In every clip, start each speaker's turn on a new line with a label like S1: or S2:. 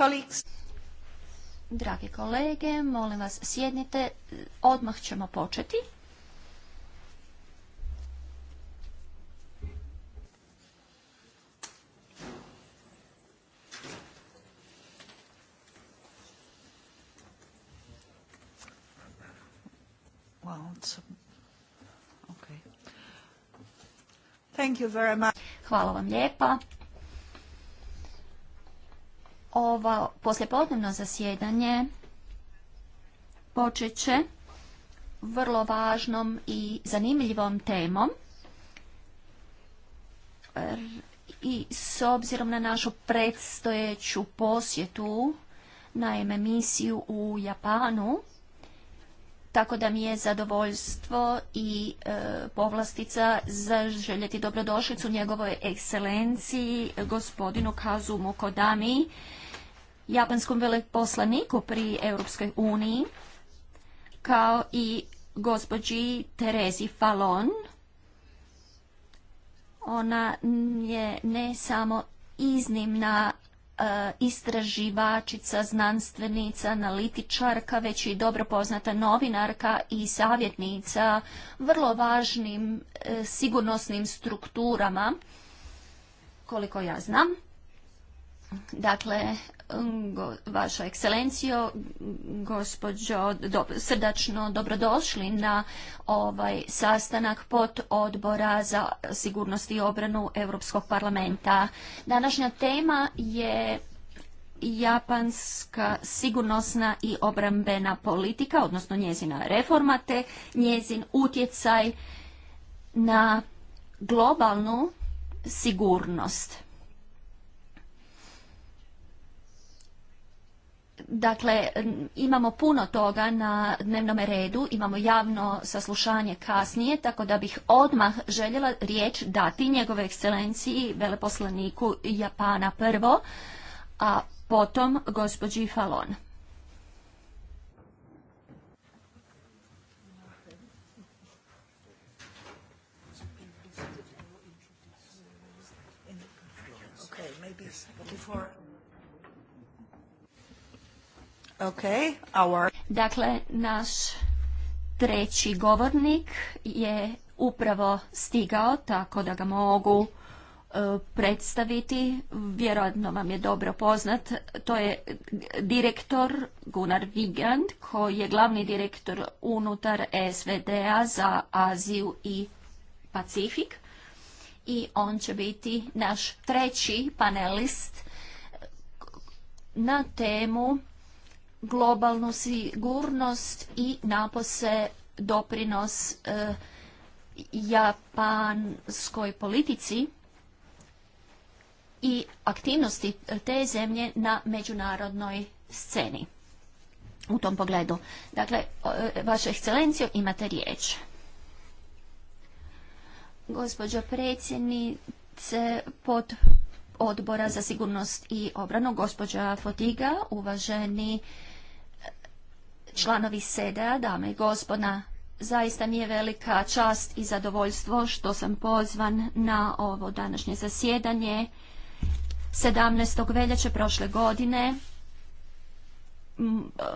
S1: colleagues. Dragi kolege, molim vas sjednite, odmah ćemo početi. Hvala vam lijepa ovo poslijepodnevno zasjedanje počet će vrlo važnom i zanimljivom temom i s obzirom na našu predstojeću posjetu na misiju u Japanu, tako da mi je zadovoljstvo i e, povlastica zaželjeti dobrodošlicu njegovoj ekscelenciji gospodinu Kazumu Kodami, japanskom veleposlaniku pri Europskoj uniji, kao i gospođi Terezi Falon. Ona je ne samo iznimna e, istraživačica, znanstvenica, analitičarka, već i dobro poznata novinarka i savjetnica vrlo važnim e, sigurnosnim strukturama, koliko ja znam. Dakle, vaša ekscelencijo, gospođo, srdačno dobrodošli na ovaj sastanak pod odbora za sigurnost i obranu Europskog parlamenta. Današnja tema je japanska sigurnosna i obrambena politika, odnosno njezina reforma te njezin utjecaj na globalnu sigurnost. Dakle, imamo puno toga na dnevnom redu, imamo javno saslušanje kasnije, tako da bih odmah željela riječ dati njegove ekscelenciji, veleposlaniku Japana prvo, a potom gospođi Falon. Okay, our... Dakle, naš treći govornik je upravo stigao, tako da ga mogu e, predstaviti. Vjerojatno vam je dobro poznat. To je direktor Gunnar Vigand, koji je glavni direktor unutar svd za Aziju i Pacifik. I on će biti naš treći panelist na temu globalnu sigurnost i napose doprinos e, japanskoj politici i aktivnosti te zemlje na međunarodnoj sceni. U tom pogledu. Dakle, e, vaša ekscelencijo, imate riječ. Gospođo predsjednice pod odbora za sigurnost i obranu, gospođa Fotiga, uvaženi članovi SEDA, dame i gospoda, zaista mi je velika čast i zadovoljstvo što sam pozvan na ovo današnje zasjedanje 17. veljače prošle godine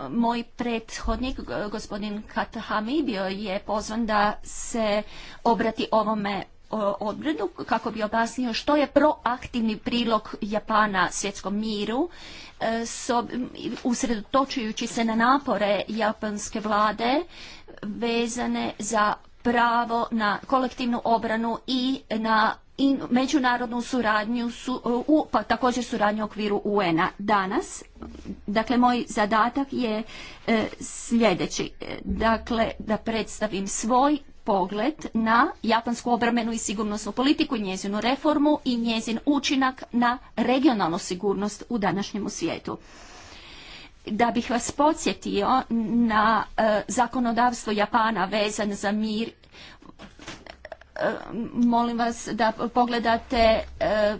S1: moj prethodnik, gospodin Katahami, bio je pozvan da se obrati ovome odredu kako bi objasnio što je proaktivni prilog Japana svjetskom miru e, usredotočujući se na napore japanske vlade vezane za pravo na kolektivnu obranu i na međunarodnu suradnju e, u, pa također suradnju u okviru UN-a danas. Dakle, moj zadatak je e, sljedeći. Dakle, da predstavim svoj pogled na japansku obramenu i sigurnosnu politiku, njezinu reformu i njezin učinak na regionalnu sigurnost u današnjemu svijetu. Da bih vas podsjetio na e, zakonodavstvo Japana vezan za mir, e, molim vas da pogledate e,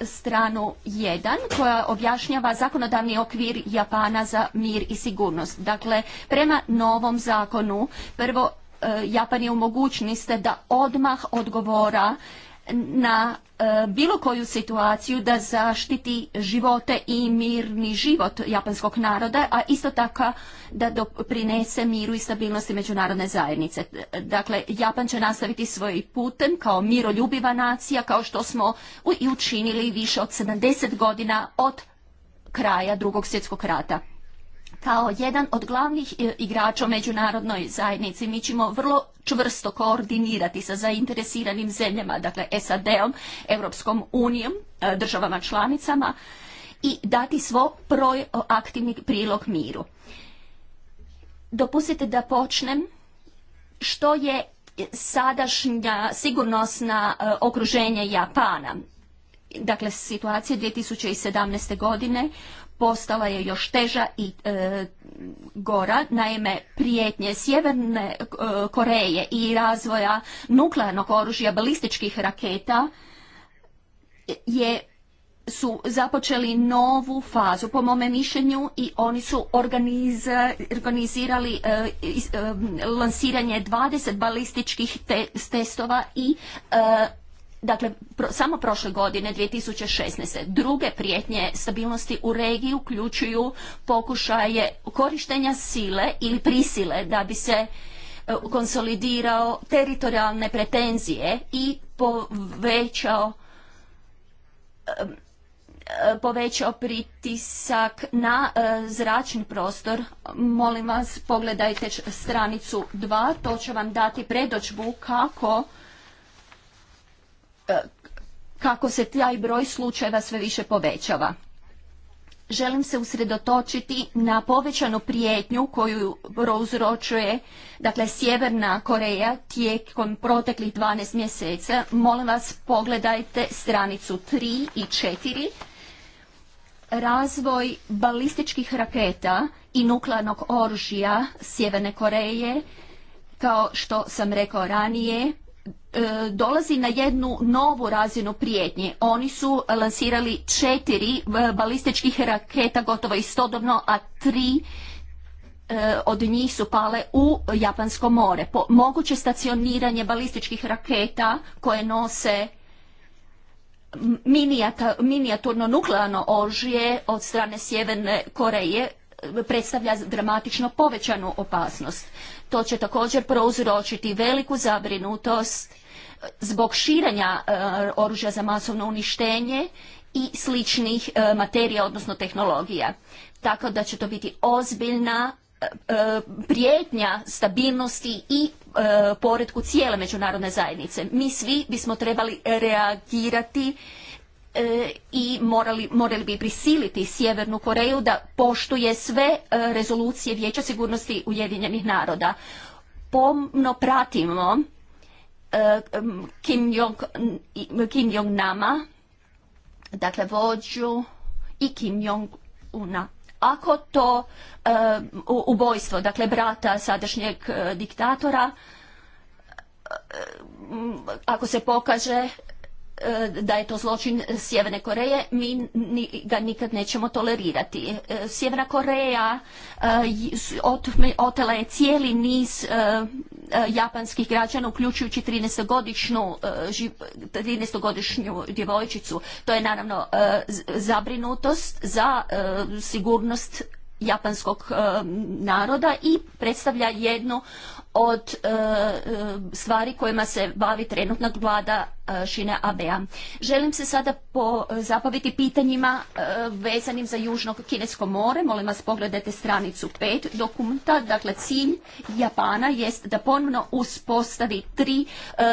S1: stranu 1 koja objašnjava zakonodavni okvir Japana za mir i sigurnost. Dakle, prema novom zakonu prvo Eh, Japan je u mogućnosti da odmah odgovora na eh, bilo koju situaciju da zaštiti živote i mirni život japanskog naroda, a isto tako da doprinese miru i stabilnosti međunarodne zajednice. Dakle, Japan će nastaviti svoj putem kao miroljubiva nacija, kao što smo i učinili više od 70 godina od kraja drugog svjetskog rata kao jedan od glavnih e, igrača u međunarodnoj zajednici. Mi ćemo vrlo čvrsto koordinirati sa zainteresiranim zemljama, dakle SAD-om, Europskom unijom, e, državama članicama i dati svo proaktivni prilog miru. Dopustite da počnem što je sadašnja sigurnosna e, okruženje Japana. Dakle, situacija 2017. godine postala je još teža i e, gora. Naime, prijetnje Sjeverne e, Koreje i razvoja nuklearnog oružja balističkih raketa je su započeli novu fazu po mome mišljenju i oni su organizirali e, lansiranje 20 balističkih testova i dakle samo prošle godine 2016. druge prijetnje stabilnosti u regiji uključuju pokušaje korištenja sile ili prisile da bi se e, konsolidirao teritorijalne pretenzije i povećao e, e, povećao pritisak na zračni prostor. Molim vas, pogledajte stranicu 2, to će vam dati predočbu kako E, kako se taj broj slučajeva sve više povećava. Želim se usredotočiti na povećanu prijetnju koju prouzročuje dakle, Sjeverna Koreja tijekom proteklih 12 mjeseca. Molim vas pogledajte stranicu 3 i 4. Razvoj balističkih raketa i nuklearnog oružja Sjeverne Koreje, kao što sam rekao ranije, E, dolazi na jednu novu razinu prijetnje. Oni su lansirali četiri e, balističkih raketa gotovo istodobno, a tri e, od njih su pale u Japansko more. moguće stacioniranje balističkih raketa koje nose minijaturno nuklearno oružje od strane Sjeverne Koreje predstavlja dramatično povećanu opasnost. To će također prouzročiti veliku zabrinutost zbog širenja e, oružja za masovno uništenje i sličnih e, materija, odnosno tehnologija. Tako da će to biti ozbiljna e, prijetnja stabilnosti i poredku cijele međunarodne zajednice. Mi svi bismo trebali reagirati E, i morali, bi prisiliti Sjevernu Koreju da poštuje sve e, rezolucije Vijeća sigurnosti Ujedinjenih naroda. Pomno pratimo Kim e, Jong-nama, Kim Jong dakle vođu i Kim Jong-una. Ako to ubojstvo, dakle brata sadašnjeg diktatora, ako se pokaže E, da je to zločin Sjeverne Koreje, mi ga nikad nećemo tolerirati. E, Sjeverna Koreja e, otela je cijeli niz japanskih građana, uključujući 13-godišnju djevojčicu. To je naravno zabrinutost za sigurnost japanskog naroda i predstavlja jednu od e, e, stvari kojima se bavi trenutna vlada e, Šine Abea. Želim se sada po, pitanjima vezanim za Južno Kinesko more. Molim vas pogledajte stranicu 5 dokumenta. Dakle, cilj Japana jest da ponovno uspostavi tri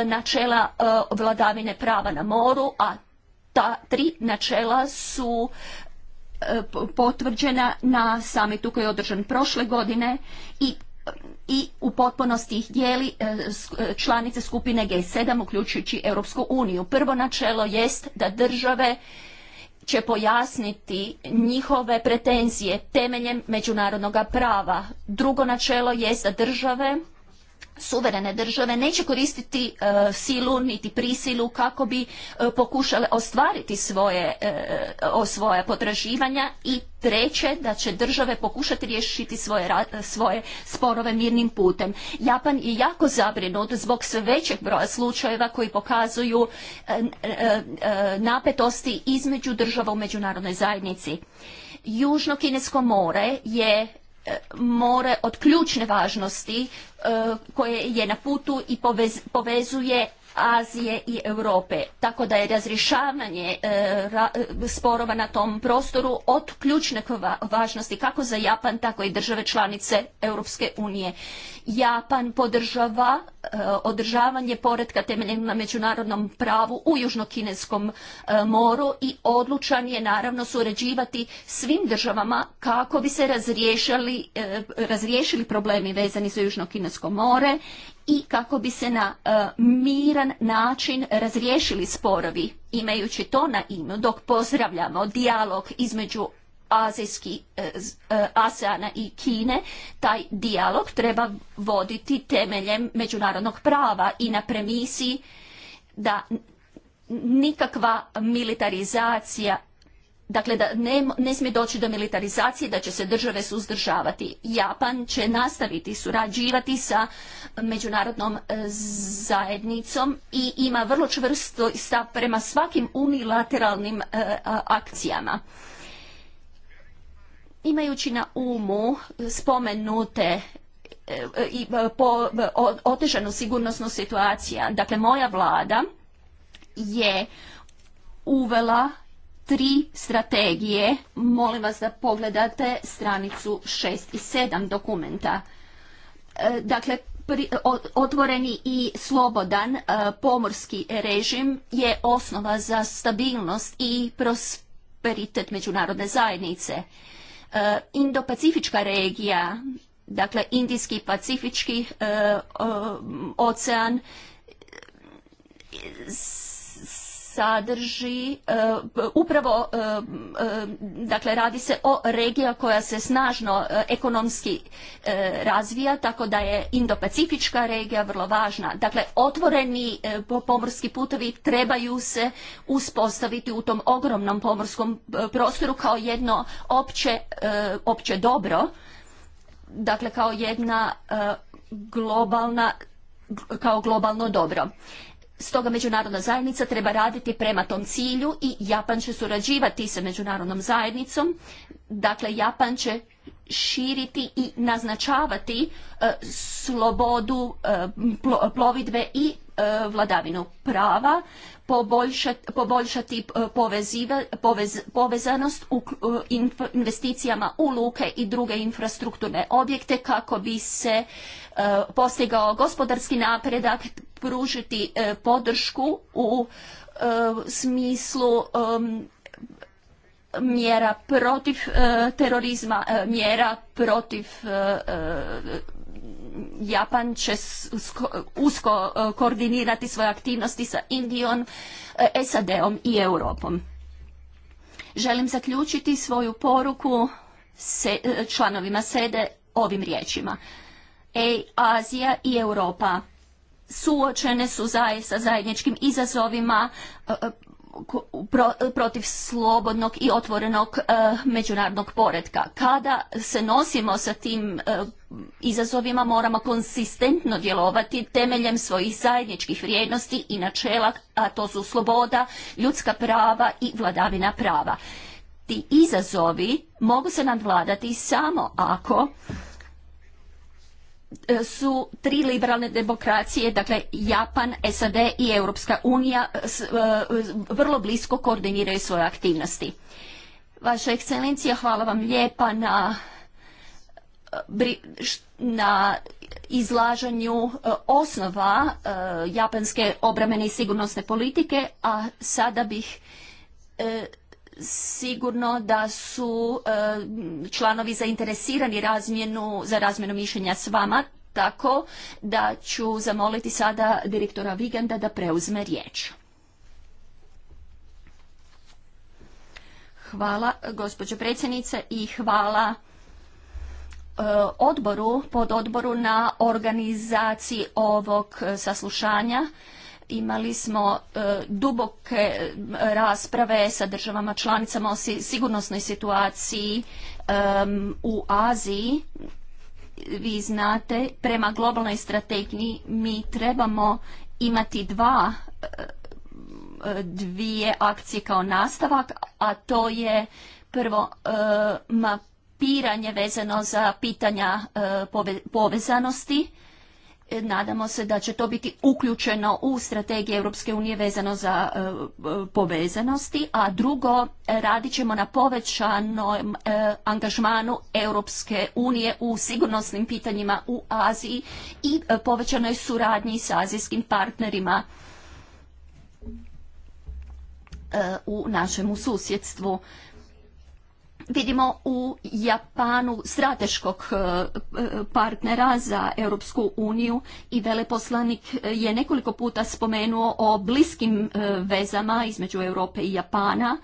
S1: načela vladavine prava na moru, a ta tri načela su potvrđena na samitu koji je održan prošle godine i i u potpunosti ih dijeli e, e, članice skupine G7 uključujući Europsku uniju. Prvo načelo jest da države će pojasniti njihove pretenzije temeljem međunarodnog prava. Drugo načelo jest da države suverene države neće koristiti e, silu niti prisilu kako bi e, pokušale ostvariti svoje, e, svoja potraživanja i treće da će države pokušati riješiti svoje, svoje sporove mirnim putem. Japan je jako zabrinut zbog sve većeg broja slučajeva koji pokazuju napetosti između država u međunarodnoj zajednici. Južno Kinesko more je more od ključne važnosti e, koje je na putu i povezuje Azije i Europe. Tako da je razrješavanje e, e, sporova na tom prostoru od ključne važnosti kako za Japan, tako i države članice Europske unije. Japan podržava e, održavanje poretka temeljenog na međunarodnom pravu u Južnokineskom kineskom moru i odlučan je naravno surađivati svim državama kako bi se razriješili problemi vezani za Južnokinesko more i kako bi se na e, miran način razriješili sporovi. Imajući to na imu, dok pozdravljamo dijalog između azijski e, e, ASEANA i Kine, taj dijalog treba voditi temeljem međunarodnog prava i na premisiji da nikakva militarizacija Dakle, da ne, ne smije doći do militarizacije, da će se države suzdržavati. Japan će nastaviti surađivati sa međunarodnom e, zajednicom i ima vrlo čvrsto stav prema svakim unilateralnim e, akcijama. Imajući na umu spomenute e, i otežanu sigurnosnu situaciju, dakle moja vlada je uvela tri strategije. Molim vas da pogledate stranicu 6 i 7 dokumenta. E, dakle, otvoreni i slobodan e, pomorski režim je osnova za stabilnost i prosperitet međunarodne zajednice. indo e, Indopacifička regija, dakle Indijski Pacifički ocean, sadrži e, upravo e, e, dakle radi se o regija koja se snažno ekonomski razvija tako da je indopacifička regija vrlo važna. Dakle otvoreni pomorski putovi trebaju se uspostaviti u tom ogromnom pomorskom prostoru kao jedno opće, opće dobro dakle kao jedna globalna kao globalno dobro. Stoga međunarodna zajednica treba raditi prema tom cilju i Japan će surađivati sa međunarodnom zajednicom. Dakle, Japan će širiti i naznačavati e, slobodu e, plovidbe i e, vladavinu prava, poboljšati povezanost u investicijama u luke i druge infrastrukturne objekte kako bi se E, postigao gospodarski napredak, pružiti e, podršku u e, smislu mjera protiv terorizma, mjera protiv Japan će usko koordinirati svoje aktivnosti sa Indijom, SAD-om i Europom. Želim zaključiti svoju poruku članovima sede ovim riječima. E, Azija i Europa suočene su zaje sa zajedničkim izazovima e, e, protiv slobodnog i otvorenog e, međunarodnog poretka. Kada se nosimo sa tim izazovima moramo konsistentno djelovati temeljem svojih zajedničkih vrijednosti i načela, a to su sloboda, ljudska prava i vladavina prava. Ti izazovi mogu se nadvladati samo ako su tri liberalne demokracije, dakle Japan, SAD i Europska unija e, e, vrlo blisko koordiniraju svoje aktivnosti. Vaša ekscelencija, hvala vam lijepa na e, na izlaženju osnova japanske obramene i sigurnosne politike, a sada bih sigurno da su e, članovi zainteresirani razmjenu, za razmjenu mišljenja s vama, tako da ću zamoliti sada direktora Viganda da preuzme riječ. Hvala gospođo predsjednice i hvala e, odboru, pod odboru na organizaciji ovog e, saslušanja Imali smo e, duboke rasprave sa državama članicama o sigurnosnoj situaciji u Aziji. Vi znate, prema globalnoj strategiji mi trebamo imati dva e, dvije akcije kao nastavak, a to je prvo e, mapiranje vezano za pitanja povezanosti E, nadamo se da će to biti uključeno u strategije Europske unije vezano za e, e, povezanosti, a drugo radit ćemo na povećanom angažmanu Europske unije u sigurnosnim pitanjima u Aziji i povećanoj suradnji s azijskim partnerima u našemu susjedstvu vidimo u Japanu strateškog e, partnera za Europsku uniju i veleposlanik je nekoliko puta spomenuo o bliskim e, vezama između Europe i Japana.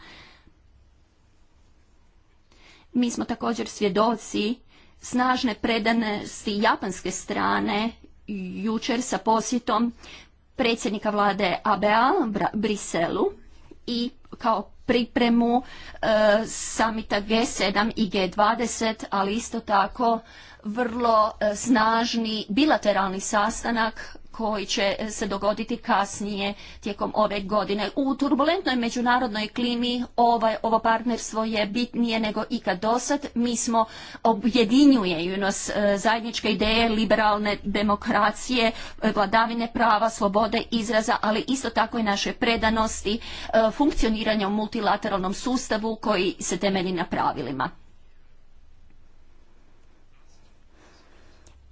S1: Mi smo također svjedoci snažne predanosti japanske strane jučer sa posjetom predsjednika vlade ABA Briselu i kao pripremu e, samita G7 i G20, ali isto tako vrlo e, snažni bilateralni sastanak koji će se dogoditi kasnije tijekom ove godine. U turbulentnoj međunarodnoj klimi ovaj, ovo partnerstvo je bitnije nego ikad dosad. Mi smo objedinjuju nas e, zajedničke ideje liberalne demokracije, e, vladavine prava, slobode izraza, ali isto tako i naše predanosti e, funkcioniranja u multilateralnom sustavu koji se temelji na pravilima.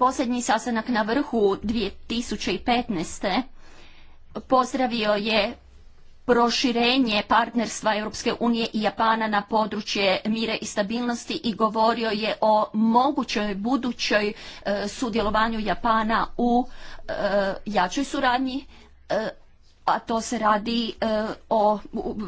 S1: Posljednji sastanak na vrhu 2015. pozdravio je proširenje partnerstva Europske unije i Japana na područje mire i stabilnosti i govorio je o mogućoj budućoj e, sudjelovanju Japana u e, jačoj suradnji e, a to se radi e, o,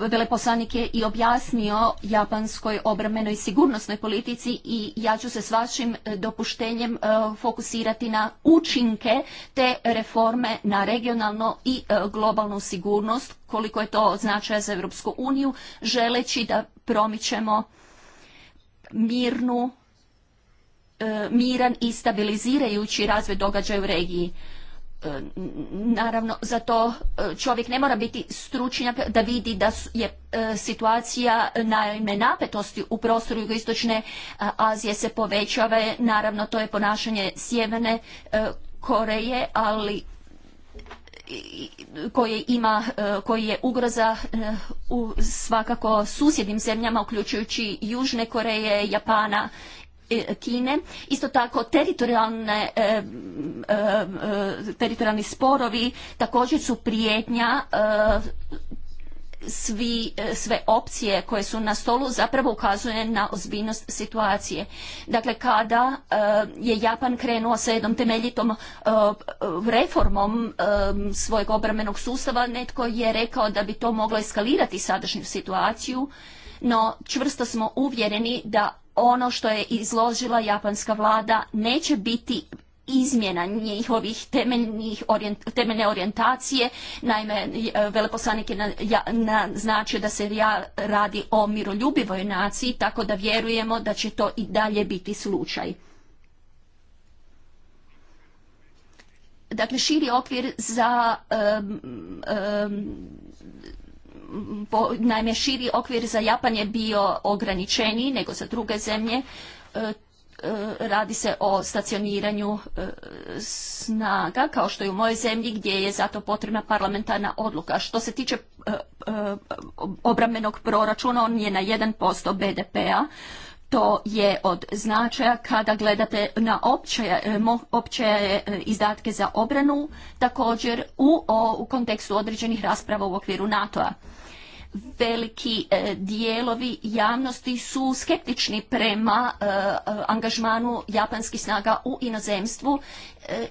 S1: veleposlanik je i objasnio japanskoj obrambenoj sigurnosnoj politici i ja ću se s vašim e, dopuštenjem e, fokusirati na učinke te reforme na regionalno i globalnu sigurnost, koliko je to značaja za Europsku uniju, želeći da promičemo mirnu, miran i stabilizirajući razvoj događaja u regiji E, naravno, za to e, čovjek ne mora biti stručnjak da vidi da je e, situacija naime napetosti u prostoru jugoistočne Azije se povećava. Naravno, to je ponašanje sjeverne Koreje, ali koje ima, koji je ugroza u svakako susjednim zemljama, uključujući Južne Koreje, Japana E, Kine. Isto tako e, e, teritorijalni sporovi također su prijetnja svi, sve opcije koje su na stolu zapravo ukazuje na ozbiljnost situacije. Dakle, kada je Japan krenuo sa jednom temeljitom reformom svojeg obrambenog sustava, netko je rekao da bi to moglo eskalirati sadašnju situaciju no čvrsto smo uvjereni da ono što je izložila japanska vlada neće biti izmjena njihovih temeljne orijentacije. Naime, e, veleposlanik je naznačio da se radi o miroljubivoj naciji, tako da vjerujemo da će to i dalje biti slučaj. Dakle, širi okvir za naime širi okvir za Japan je bio ograničeniji nego za druge zemlje. E, e, radi se o stacioniranju e, snaga, kao što je u mojoj zemlji, gdje je zato potrebna parlamentarna odluka. Što se tiče obrambenog proračuna, on je na 1% BDP-a. To je od značaja kada gledate na opće, izdatke za obranu, također u, u kontekstu određenih rasprava u okviru NATO-a veliki e, dijelovi javnosti su skeptični prema e, angažmanu japanskih snaga u inozemstvu. E,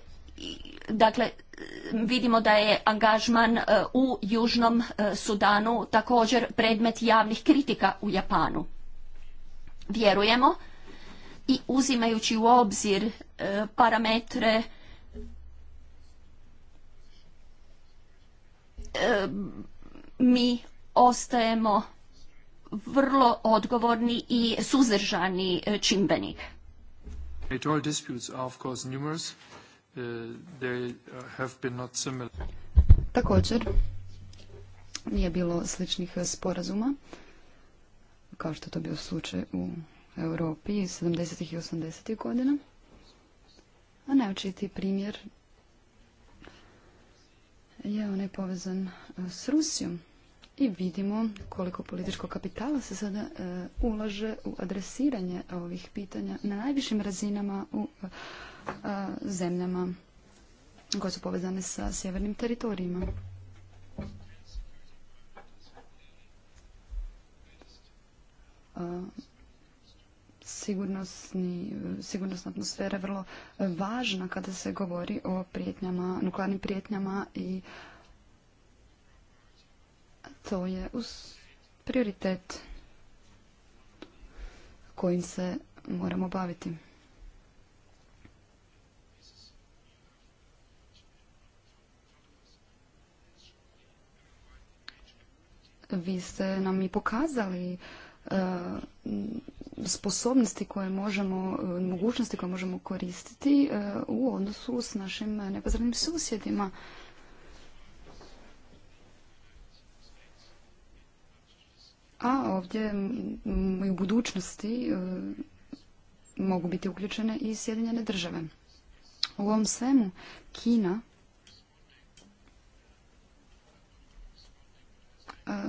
S1: dakle, vidimo da je angažman u Južnom Sudanu također predmet javnih kritika u Japanu. Vjerujemo i uzimajući u obzir parametre mi ostajemo vrlo odgovorni i suzdržani e, čimbenik.
S2: E, uh,
S3: Također, nije bilo sličnih e, sporazuma, kao što je to bio slučaj u Europi 70. i 80. godina. A najočitiji primjer je onaj povezan s Rusijom i vidimo koliko političkog kapitala se sada e, ulaže u adresiranje ovih pitanja na najvišim razinama u e, e, zemljama koje su povezane sa sjevernim teritorijima. E, sigurnosna atmosfera je vrlo važna kada se govori o prijetnjama, nuklearnim prijetnjama i to je uz prioritet kojim se moramo baviti. Vi ste nam i pokazali e, sposobnosti koje možemo, e, mogućnosti koje možemo koristiti e, u odnosu s našim nepozornim susjedima. a ovdje i u budućnosti e, mogu biti uključene i Sjedinjene države. U ovom svemu Kina e,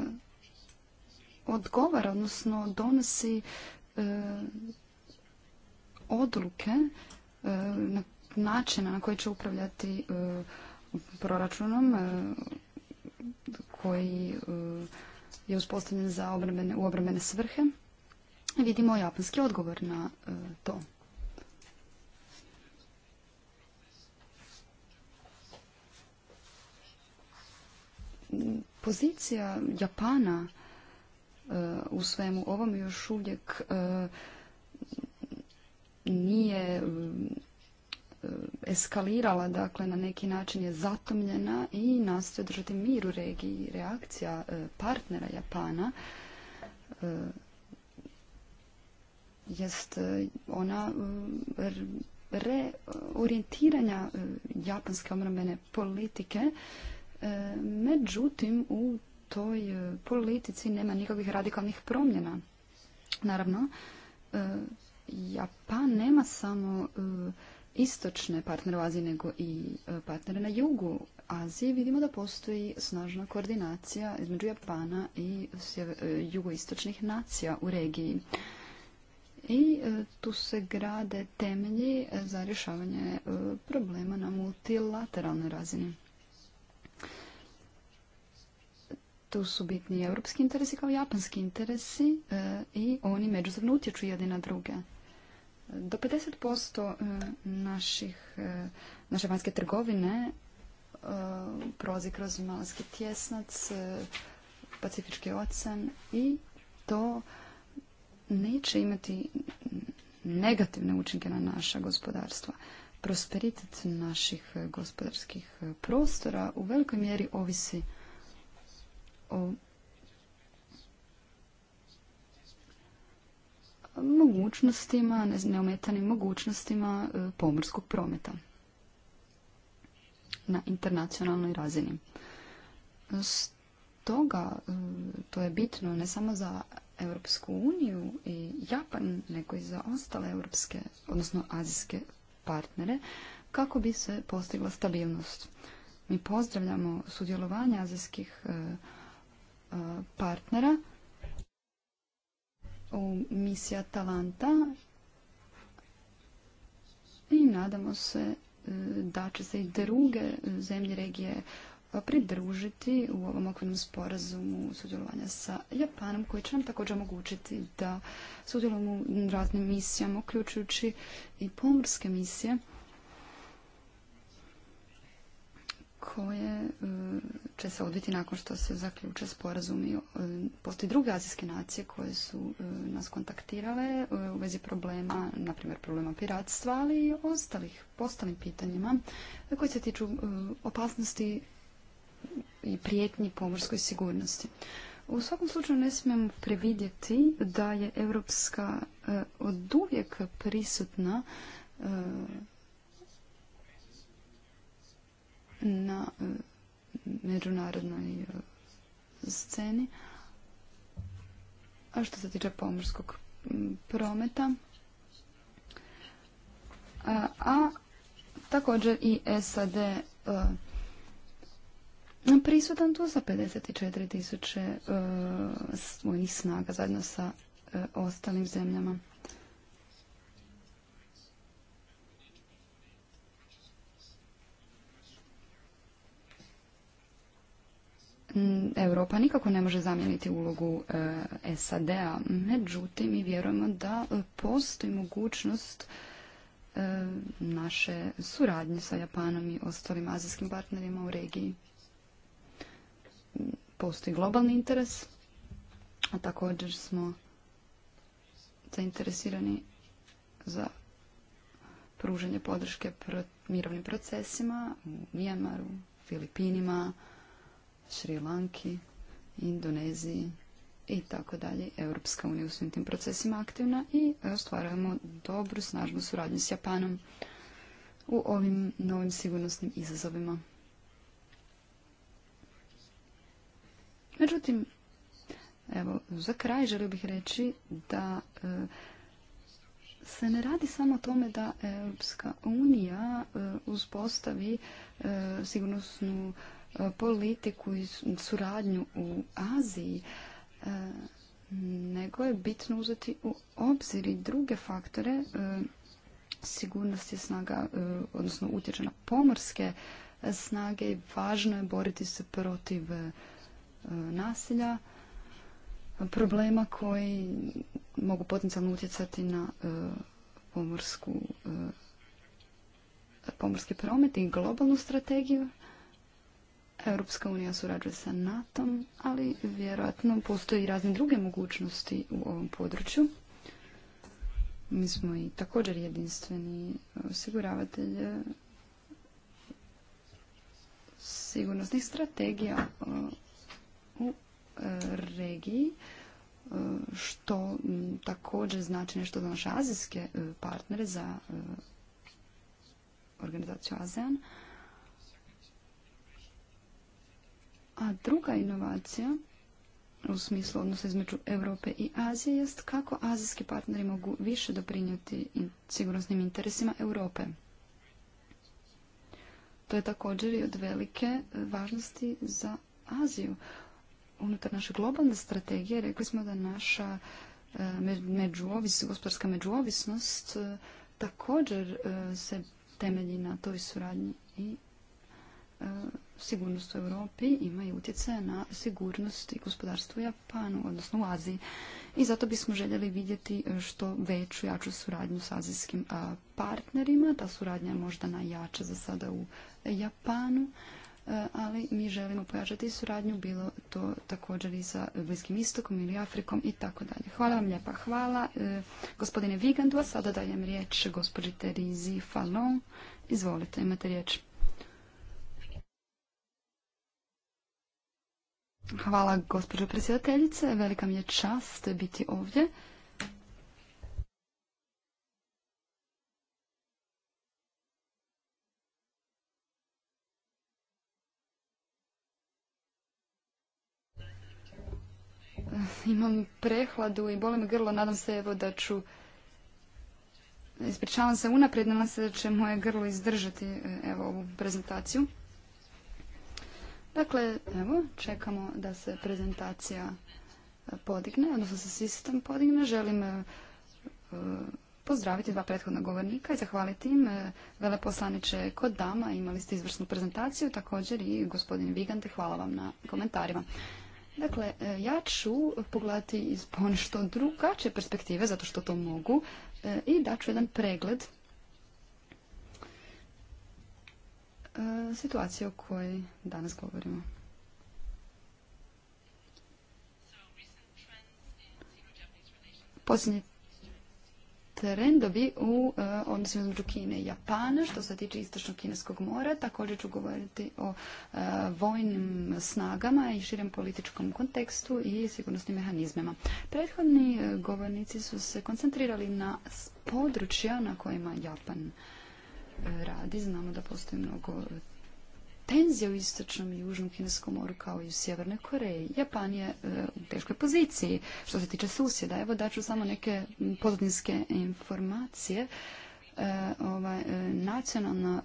S3: odgovara, odnosno donosi e, odluke na načina na koji će upravljati proračunom koji je uspostavljen za obrambene, u obrambene svrhe. Vidimo japanski odgovor na e, to. Pozicija Japana e, u svemu ovom još uvijek e, nije eskalirala, dakle na neki način je zatomljena i nastoji održati mir u regiji. Reakcija e, partnera Japana e, jest e, ona reorijentiranja japanske obrambene politike, međutim u toj politici nema nikakvih radikalnih promjena. Naravno, Japan nema samo istočne partnere u Aziji nego i e, partnere na jugu Aziji, vidimo da postoji snažna koordinacija između Japana i e, jugoistočnih nacija u regiji. I e, tu se grade temelji za rješavanje problema na multilateralnoj razini. Tu su bitni europski interesi kao japanski interesi i oni međusobno utječu jedni na druge. Do 50% e, naših, e, naše vanjske trgovine e, prolazi kroz Malanski tjesnac, Pacifički ocean i to neće imati negativne učinke na naša gospodarstva. Prosperitet naših gospodarskih prostora u velikoj mjeri ovisi o mogućnostima, neometanim mogućnostima e, pomorskog prometa na internacionalnoj razini. Stoga e, to je bitno ne samo za Europsku uniju i Japan, nego i za ostale europske, odnosno azijske partnere, kako bi se postigla stabilnost. Mi pozdravljamo sudjelovanje azijskih e, partnera u misija Talanta i nadamo se e, da će se i druge zemlje regije pridružiti u ovom okvirnom sporazumu sudjelovanja sa Japanom koji će nam također omogućiti da sudjelujemo u raznim misijama uključujući i pomorske misije koje e, će se odviti nakon što se zaključe sporazumi. E, postoji druge azijske nacije koje su e, nas kontaktirale u vezi problema, na primjer problema piratstva, ali i ostalih postalim pitanjima koji se tiču opasnosti i prijetnji pomorskoj sigurnosti. U svakom slučaju ne smijemo previdjeti da je Europska od uvijek prisutna na e, međunarodnoj e, sceni. A što se tiče pomorskog prometa, a, također i SAD e, prisutan tu sa 54.000 tisuće svojih snaga zajedno sa ostalim zemljama. Europa nikako ne može zamijeniti ulogu e, SAD-a. Međutim, mi vjerujemo da postoji mogućnost e, naše suradnje sa Japanom i ostalim azijskim partnerima u regiji. Postoji globalni interes, a također smo zainteresirani za pružanje podrške mirovnim procesima u Mijamaru, Filipinima, Šri Lanki, Indoneziji i tako dalje. Europska unija u svim tim procesima aktivna i e, ostvarujemo dobru, snažnu suradnju s Japanom u ovim novim sigurnosnim izazovima. Međutim, evo, za kraj želio bih reći da e, se ne radi samo o tome da Europska unija e, uspostavi e, sigurnosnu politiku i suradnju u Aziji, e, nego je bitno uzeti u obzir i druge faktore e, sigurnosti snaga, e, odnosno utječe na pomorske snage i važno je boriti se protiv nasilja, problema koji mogu potencijalno utjecati na pomorsku pomorski promet i globalnu strategiju Europska unija surađuje sa NATO-om, ali vjerojatno postoji razne druge mogućnosti u ovom području. Mi smo i također jedinstveni e, osiguravatelj e, sigurnosnih strategija e, u regiji, što također znači nešto za naše azijske partnere, za organizaciju ASEAN. A druga inovacija u smislu odnosa između Europe i Azije jest kako azijski partneri mogu više doprinijeti sigurnosnim interesima Europe. To je također i od velike važnosti za Aziju. Unutar naše globalne strategije rekli smo da naša e, gospodarska međuovisnost e, također e, se temelji na toj suradnji i sigurnost u Europi ima i utjecaja na sigurnost i gospodarstvo u Japanu, odnosno u Aziji. I zato bismo željeli vidjeti e, što veću, jaču suradnju s azijskim partnerima. Ta suradnja je možda najjača za sada u Japanu, e, ali mi želimo pojačati suradnju, bilo to također i sa Bliskim istokom ili Afrikom i tako dalje. Hvala vam lijepa. Hvala e, gospodine Vigandu, a sada dajem riječ gospođi Terizi Falon. Izvolite, imate riječ. Hvala gospođo predsjedateljice, velika mi je čast biti ovdje. Imam prehladu i boli me grlo, nadam se evo da ću ispričavam se unaprijed, nadam se da će moje grlo izdržati ovu prezentaciju. Dakle, evo, čekamo da se prezentacija e, podigne, odnosno se sistem podigne. Želim e, pozdraviti dva prethodna govornika i zahvaliti im. E, veleposlaniče kod Dama imali ste izvrsnu prezentaciju, također i gospodin Vigante, hvala vam na komentarima. Dakle, ja ću pogledati iz ponešto drugačije perspektive, zato što to mogu, i daću jedan pregled E, situacije o kojoj danas govorimo. Posljednji trendovi u e, odnosima između Kine i Japana što se tiče istočnog kineskog mora. Također ću govoriti o e, vojnim snagama i širem političkom kontekstu i sigurnosnim mehanizmima. Prethodni govornici su se koncentrirali na područja na kojima Japan radi. Znamo da postoji mnogo tenzija u istočnom i južnom kineskom moru kao i u sjevernoj Koreji. Japan je e, u teškoj poziciji što se tiče susjeda. Evo daću samo neke pozadinske informacije. E, e, nacionalna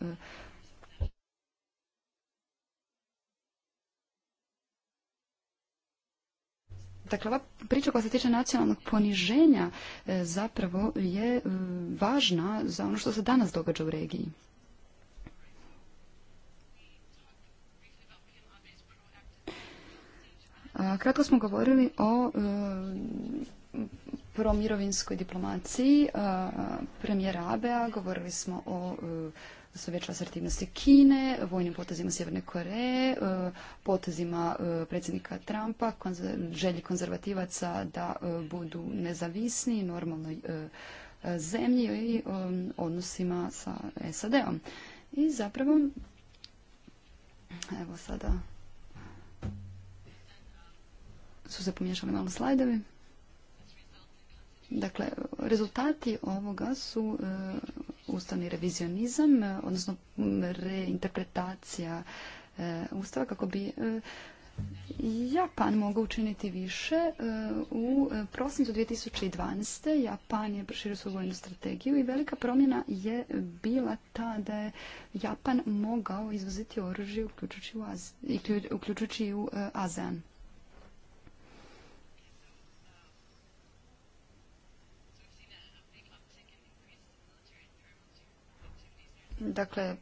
S3: Dakle, ova priča koja se tiče nacionalnog poniženja e, zapravo je e, važna za ono što se danas događa u regiji. kratko smo govorili o e, promirovinskoj diplomaciji premijera Abea, govorili smo o sve asertivnosti Kine, vojnim potezima Sjeverne Koreje, e, potezima e, predsjednika Trumpa, želji konzervativaca da e, budu nezavisni, normalnoj zemlji i odnosima sa SAD-om. I zapravo, evo sada su se pomiješali malo slajdovi. Dakle, rezultati ovoga su ustavni revizionizam, e, odnosno reinterpretacija e, ustava kako bi e, Japan mogao učiniti više. U prosincu 2012. Japan je proširio svoju vojnu strategiju i velika promjena je bila ta da je Japan mogao izvoziti oružje uključujući u, i u Dakle,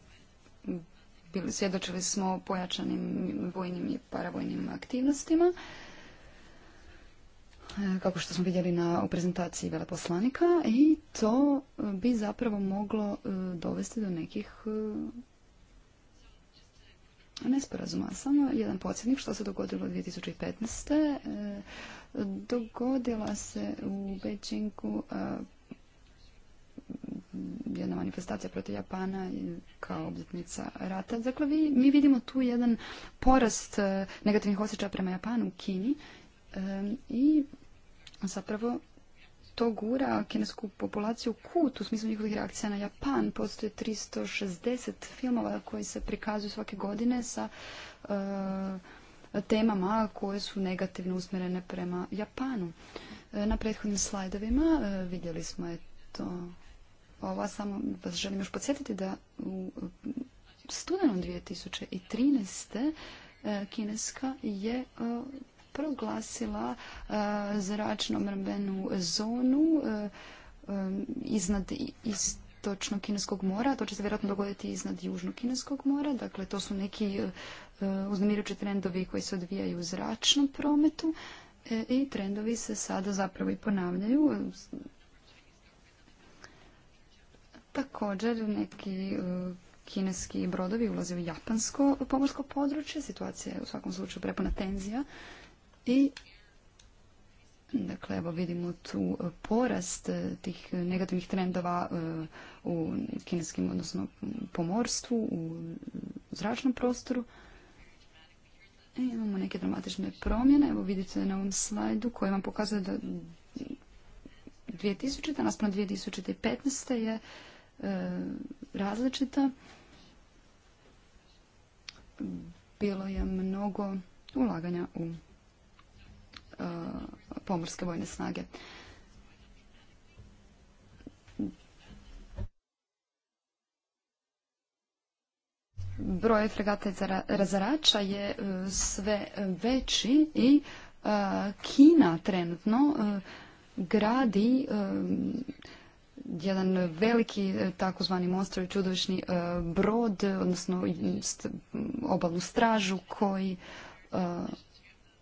S3: svjedočili smo pojačanim vojnim i paravojnim aktivnostima, e, kako što smo vidjeli na, u prezentaciji veleposlanika i to e, bi zapravo moglo e, dovesti do nekih nesporazuma. Samo jedan podsjetnik što se dogodilo 2015. Dogodila se u većinku jedna manifestacija protiv Japana kao obljetnica rata. Dakle, mi vidimo tu jedan porast e, negativnih osjećaja prema Japanu u Kini e, i zapravo to gura kinesku populaciju kut u smislu njihovih reakcija na Japan. Postoje 360 filmova koji se prikazuju svake godine sa e, temama koje su negativno usmjerene prema Japanu. na prethodnim slajdovima vidjeli smo je to ova samo vas želim još podsjetiti da u studenom 2013. E, Kineska je e, proglasila e, zračno mrbenu zonu iznad istočnog kineskog mora. To će se vjerojatno dogoditi iznad južnog kineskog mora. Dakle, to su neki uznamirajući trendovi koji se odvijaju u zračnom prometu i trendovi se sada zapravo i ponavljaju. Također neki e, kineski brodovi ulaze u japansko pomorsko područje. Situacija je u svakom slučaju prepuna tenzija. I Dakle, evo vidimo tu porast e, tih negativnih trendova e, u kineskim, odnosno pomorstvu, u zračnom prostoru. I imamo neke dramatične promjene. Evo vidite na ovom slajdu koji vam pokazuje da 2000. naspram 2015. je E, različita. Bilo je mnogo ulaganja u e, pomorske vojne snage. Broj fregata i razarača je e, sve veći i Kina trenutno gradi jedan veliki e, takozvani monster čudovišni e, brod, odnosno obalnu stražu koji e,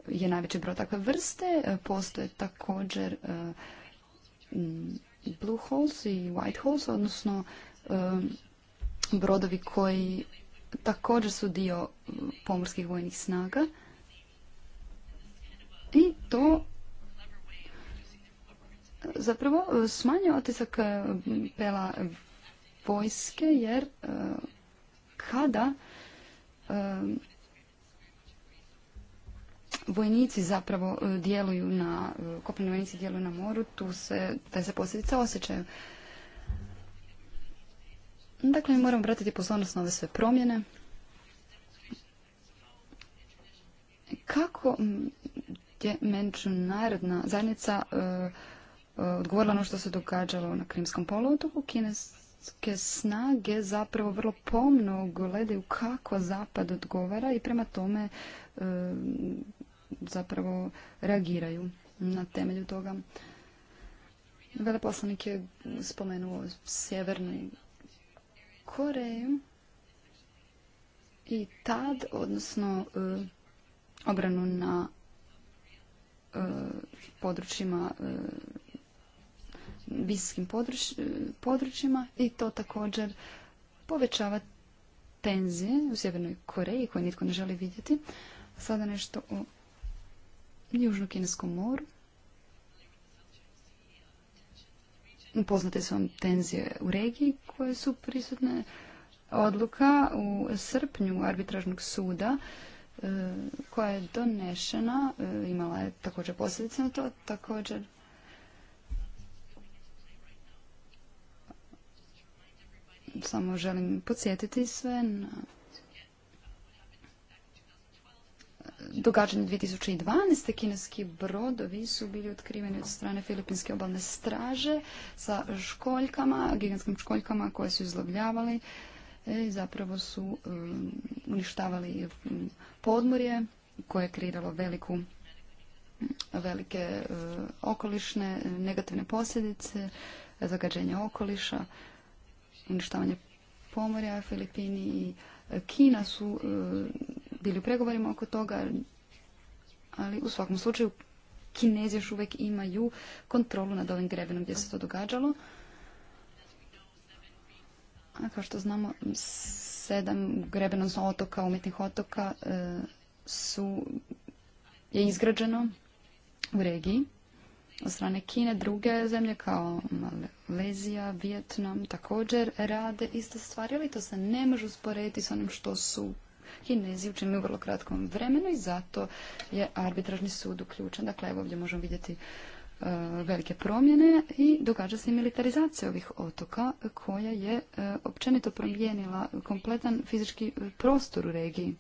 S3: je najveći brod takve vrste. Postoje također blue holes i white holes, odnosno brodovi koji također su dio pomorskih vojnih snaga. I to zapravo e, smanjio otisak e, pela vojske jer e, kada vojnici zapravo djeluju na, kopljeni vojnici djeluju na moru, tu se, te se posljedice osjećaju. Dakle, mi moramo vratiti pozornost na ove sve promjene. Kako je međunarodna zajednica zajnica odgovorila ono što se događalo na Krimskom poluotoku, kineske snage zapravo vrlo pomno gledaju kako Zapad odgovara i prema tome e, zapravo reagiraju na temelju toga. Veleposlanik je spomenuo Sjevernu Koreju i tad, odnosno e, obranu na e, područjima visokim područjima i to također povećava tenzije u Sjevernoj Koreji koje nitko ne želi vidjeti. Sada nešto u Južno-Kineskom moru. Poznate su vam tenzije u regiji koje su prisutne. Odluka u srpnju arbitražnog suda e, koja je donešena, e, imala je također posljedice na to, također samo želim podsjetiti sve na događanje 2012. kineski brodovi su bili otkriveni od strane Filipinske obalne straže sa školjkama, gigantskim školjkama koje su izlovljavali i zapravo su um, uništavali um, podmorje koje je kreiralo veliku velike uh, okolišne negativne posljedice zagađenja okoliša uništavanje pomorja, Filipini i e, Kina su e, bili u pregovorima oko toga, ali u svakom slučaju Kinezi još uvijek imaju kontrolu nad ovim grebenom gdje se to događalo. A kao što znamo, sedam grebenom otoka, umjetnih otoka e, su, je izgrađeno u regiji od strane Kine, druge zemlje kao Malezija, Vijetnam također rade iste stvari, ali to se ne može usporediti s onim što su Kinezi učinili u vrlo kratkom vremenu i zato je arbitražni sud uključen. Dakle, evo ovdje možemo vidjeti e, velike promjene i događa se i militarizacija ovih otoka koja je e, općenito promijenila kompletan fizički prostor u regiji.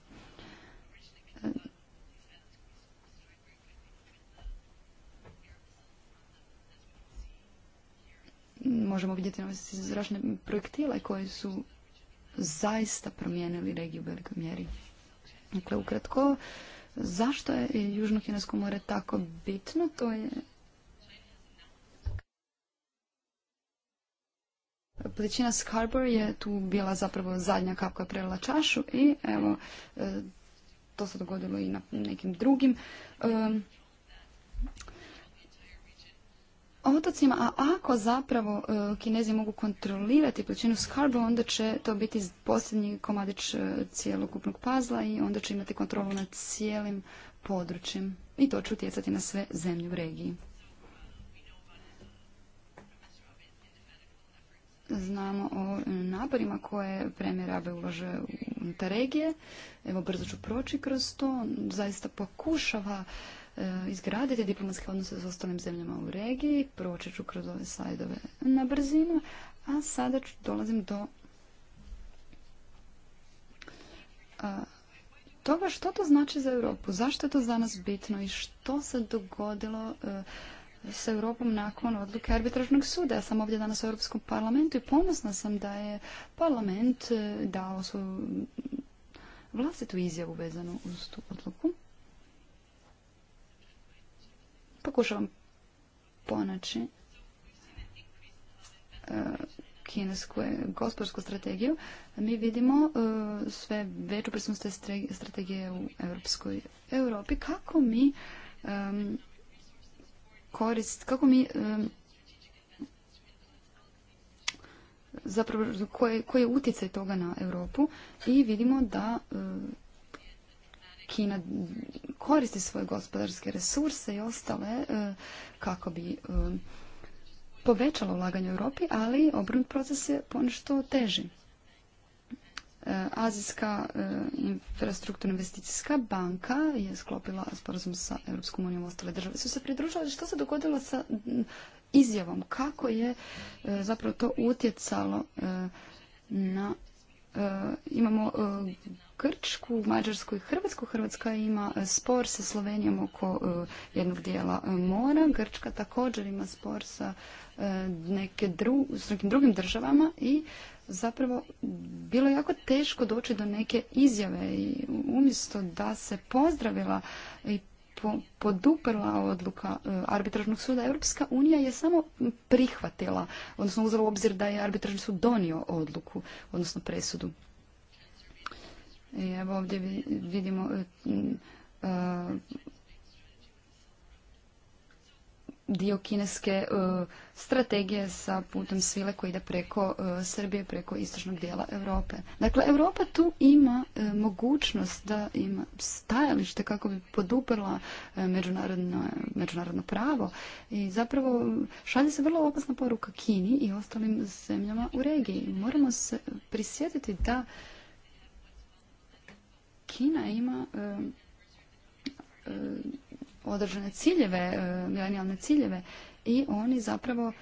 S3: možemo vidjeti nove zračne projektile koji su zaista promijenili regiju u velikoj mjeri. Dakle, ukratko, zašto je Južno Kinesko more tako bitno? To je Pličina Scarborough je tu bila zapravo zadnja kapka je prelila čašu i evo, e, to se dogodilo i na nekim drugim e, otocima, a ako zapravo e, Kinezi mogu kontrolirati plinu Skarbu, onda će to biti posljednji komadić e, cjelokupnog pazla i onda će imati kontrolu nad cijelim područjem. I to će utjecati na sve zemlje u regiji. Znamo o naborima koje premjer Abe u unutar regije. Evo, brzo ću proći kroz to. Zaista pokušava E, izgraditi diplomatske odnose s ostalim zemljama u regiji. Proći ću kroz ove slajdove na brzinu, a sada ću, dolazim do toga što to znači za Europu, zašto je to za nas bitno i što se dogodilo sa e, s Europom nakon odluke arbitražnog suda. Ja sam ovdje danas u Europskom parlamentu i ponosna sam da je parlament e, dao svoju vlastitu izjavu vezanu uz tu odluku. Pokušavam ponaći e, kinesku e, gospodarsku strategiju, mi vidimo e, sve veću prisutnost strategije u Europskoj Europi. Kako mi korist, kako mi zapravo koji je utjecaj toga na Europu i vidimo da Kina koristi svoje gospodarske resurse i ostale e, kako bi e, povećalo ulaganje u Europi, ali obrnut proces je ponešto teži. E, Azijska infrastrukturna investicijska banka je sklopila sporazum sa Europskom unijom, ostale države su se pridružile. Što se dogodilo sa izjavom? Kako je zapravo to utjecalo na Eh, imamo eh, Grčku, Mađarsku i Hrvatsku. Hrvatska ima eh, spor sa Slovenijom oko jednog dijela mora. Grčka također ima spor sa, neke s nekim drugim državama i zapravo bilo je jako teško doći do neke izjave i umjesto da se pozdravila i poduprla odluka e, arbitražnog suda. Europska unija je samo prihvatila, odnosno uzela u obzir da je arbitražni sud donio odluku, odnosno presudu. I evo ovdje vidimo e, e, dio kineske e, strategije sa putem svile koji ide preko e, Srbije, preko istočnog dijela Europe. Dakle, Europa tu ima e, mogućnost da ima stajalište kako bi poduprla međunarodno, međunarodno pravo i zapravo šalje se vrlo opasna poruka Kini i ostalim zemljama u regiji. Moramo se prisjetiti da Kina ima određene ciljeve, e, milenijalne ciljeve i oni zapravo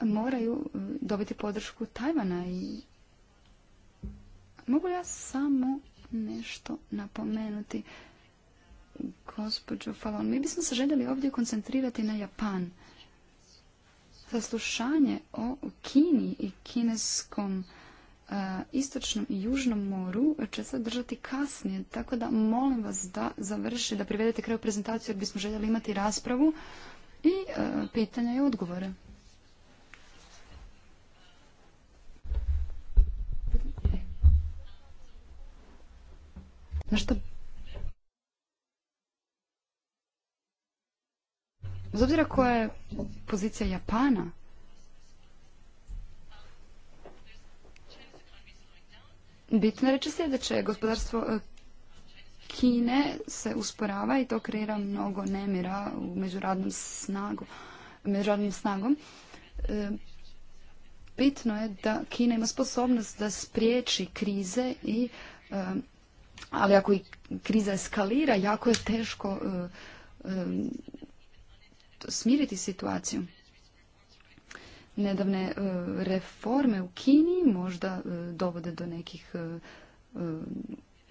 S3: moraju e, dobiti podršku Tajvana i mogu ja samo nešto napomenuti gospođo Falon mi bismo se željeli ovdje koncentrirati na Japan saslušanje o Kini i kineskom istočnom i južnom moru će se držati kasnije. Tako da molim vas da završi, da privedete kraju prezentaciju jer bismo željeli imati raspravu i pitanja i odgovore. Na što obzira koja je pozicija Japana, bitno je reći sljedeće. Gospodarstvo e, Kine se usporava i to kreira mnogo nemira u međuradnom snagu, međuradnim snagom. E, bitno je da Kina ima sposobnost da spriječi krize i e, ali ako i kriza eskalira, jako je teško smiriti situaciju nedavne e, reforme u Kini možda e, dovode do nekih e,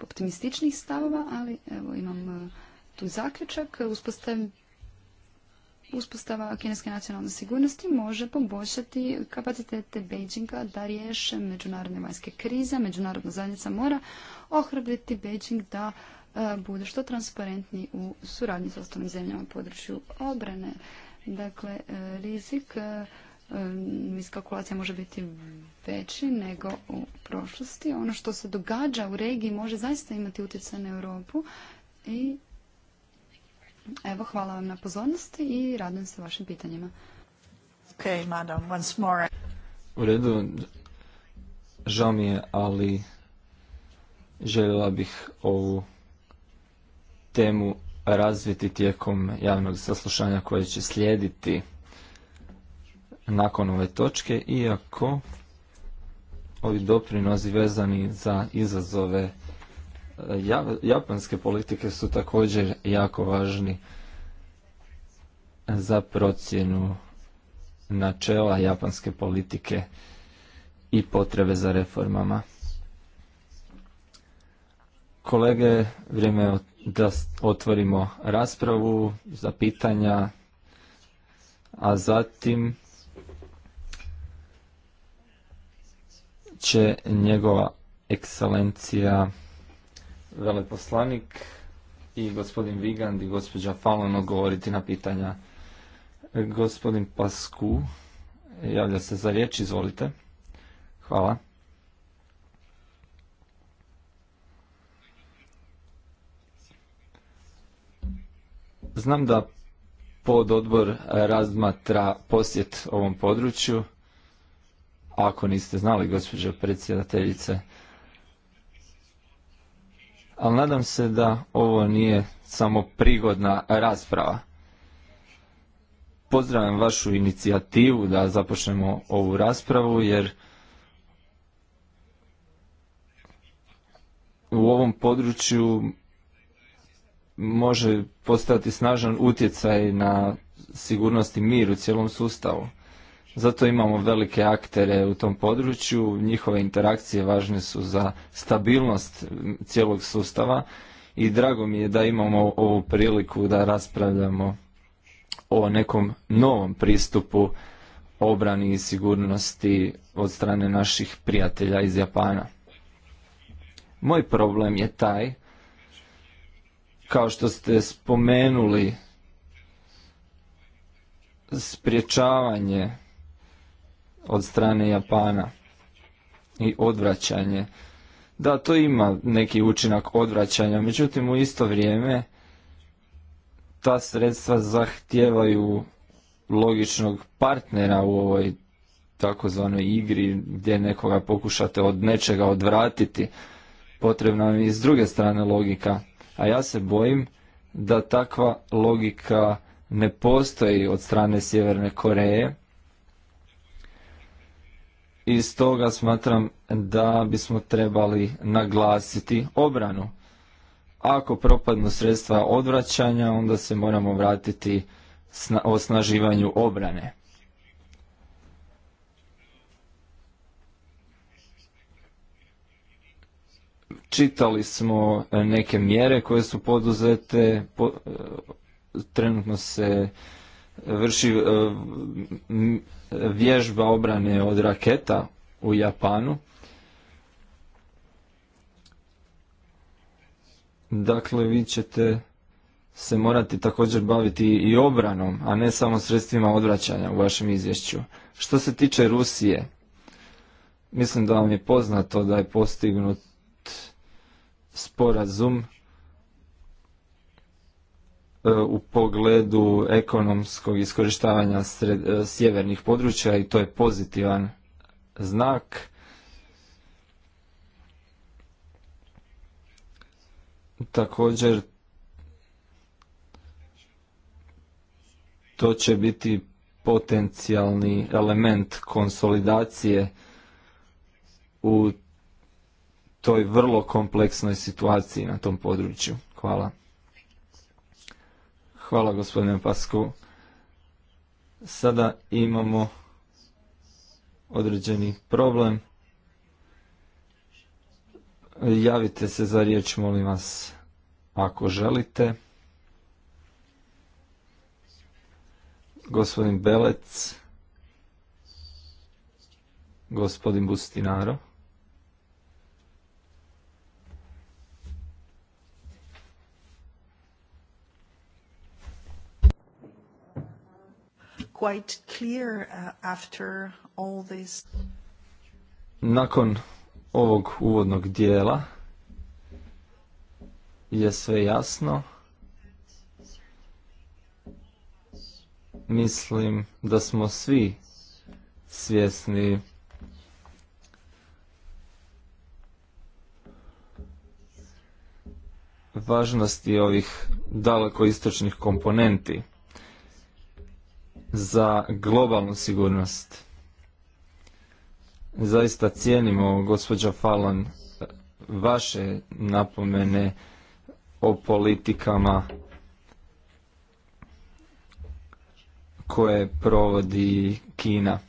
S3: optimističnih stavova, ali evo imam tu zaključak. uspostava kineske nacionalne sigurnosti može poboljšati kapacitete Beijinga da riješe međunarodne vanjske krize. Međunarodna zajednica mora ohrabriti Beijing da bude što transparentniji u suradnji s ostalim zemljama u području obrane. Dakle, rizik Miskalkulacija može biti veći nego u prošlosti. Ono što se događa u regiji može zaista imati utjecaj na Europu i evo hvala vam na pozornosti i radujem se vašim pitanjima. ok madam, more.
S2: U redu, žao mi je, ali željela bih ovu temu razviti tijekom javnog saslušanja koje će slijediti nakon ove točke, iako ovi doprinosi vezani za izazove e, japanske politike su također jako važni za procjenu načela japanske politike i potrebe za reformama. Kolege, vrijeme je da otvorimo raspravu za pitanja, a zatim će njegova ekscelencija veleposlanik i gospodin Vigand i gospođa Falon odgovoriti na pitanja. Gospodin Pasku javlja se za riječ, izvolite. Hvala. Znam da odbor razmatra posjet ovom području ako niste znali, gospođo predsjedateljice. Ali nadam se da ovo nije samo prigodna rasprava. Pozdravljam vašu inicijativu da započnemo ovu raspravu, jer u ovom području može postati snažan utjecaj na sigurnost i mir u cijelom sustavu. Zato imamo velike aktere u tom području, njihove interakcije važne su za stabilnost cijelog sustava i drago mi je da imamo ovu priliku da raspravljamo o nekom novom pristupu obrani i sigurnosti od strane naših prijatelja iz Japana. Moj problem je taj, kao što ste spomenuli, spriječavanje od strane Japana i odvraćanje. Da, to ima neki učinak odvraćanja, međutim u isto vrijeme ta sredstva zahtijevaju logičnog partnera u ovoj takozvanoj igri gdje nekoga pokušate od nečega odvratiti. Potrebna vam je i s druge strane logika. A ja se bojim da takva logika ne postoji od strane Sjeverne Koreje i stoga smatram da bismo trebali naglasiti obranu. Ako propadnu sredstva odvraćanja, onda se moramo vratiti osnaživanju obrane. Čitali smo e, neke mjere koje su poduzete, e, trenutno se vrši e, vježba obrane od raketa u Japanu. Dakle, vi ćete se morati također baviti i obranom, a ne samo sredstvima odvraćanja u vašem izvješću. Što se tiče Rusije, mislim da vam je poznato da je postignut sporazum E, u pogledu ekonomskog iskorištavanja e, sjevernih područja i to je pozitivan znak. Također to će biti potencijalni element konsolidacije u toj vrlo kompleksnoj situaciji na tom području. Hvala. Hvala gospodine Pasku. Sada imamo određeni problem. Javite se za riječ, molim vas, ako želite. Gospodin Belec. Gospodin Bustinaro.
S1: quite clear uh, after all this.
S2: Nakon ovog uvodnog dijela je sve jasno. Mislim da smo svi svjesni važnosti ovih dalekoistočnih komponenti za globalnu sigurnost. Zaista cijenimo, gospođa Fallon, vaše napomene o politikama koje provodi Kina.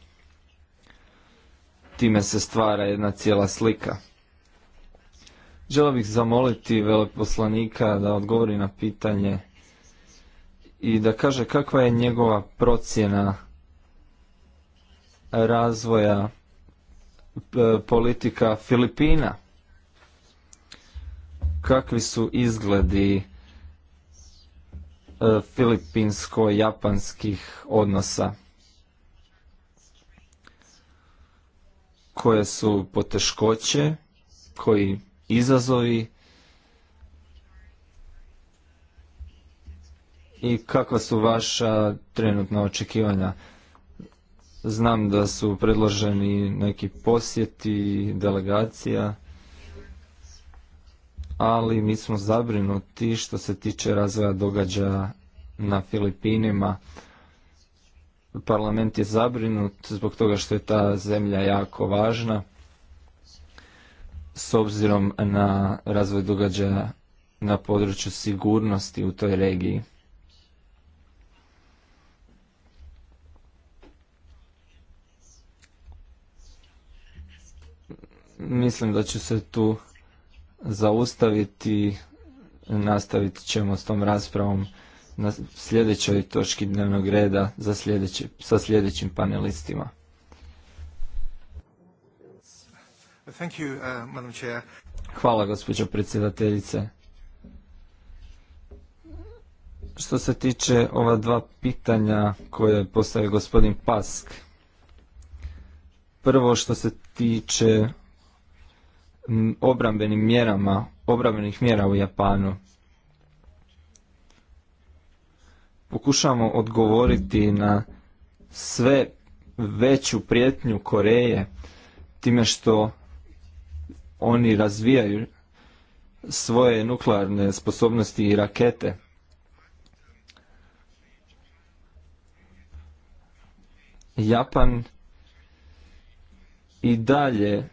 S2: Time se stvara jedna cijela slika. Želio bih zamoliti veleposlanika da odgovori na pitanje i da kaže kakva je njegova procjena razvoja e, politika Filipina. Kakvi su izgledi e, filipinsko-japanskih odnosa? Koje su poteškoće, koji izazovi i kakva su vaša trenutna očekivanja? Znam da su predloženi neki posjeti, delegacija, ali mi smo zabrinuti što se tiče razvoja događaja na Filipinima. Parlament je zabrinut zbog toga što je ta zemlja jako važna s obzirom na razvoj događaja na području sigurnosti u toj regiji. Mislim da ću se tu zaustaviti, nastavit ćemo s tom raspravom na sljedećoj točki dnevnog reda za sljedeći, sa sljedećim panelistima. Uh, Hvala gospođo predsjedateljice. Što se tiče ova dva pitanja koje je postavio gospodin Pask, prvo što se tiče obrambenim mjerama, obrambenih mjera u Japanu. pokušamo odgovoriti na sve veću prijetnju Koreje time što oni razvijaju svoje nuklearne sposobnosti i rakete. Japan i dalje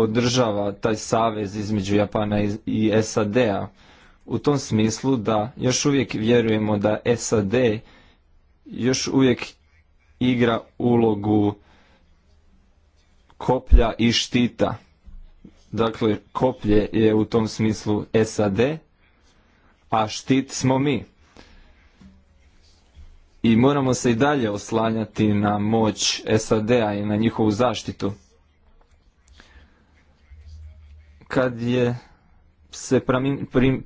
S2: održava taj savez između Japana i SAD-a u tom smislu da još uvijek vjerujemo da SAD još uvijek igra ulogu koplja i štita. Dakle, koplje je u tom smislu SAD, a štit smo mi. I moramo se i dalje oslanjati na moć SAD-a i na njihovu zaštitu kad je se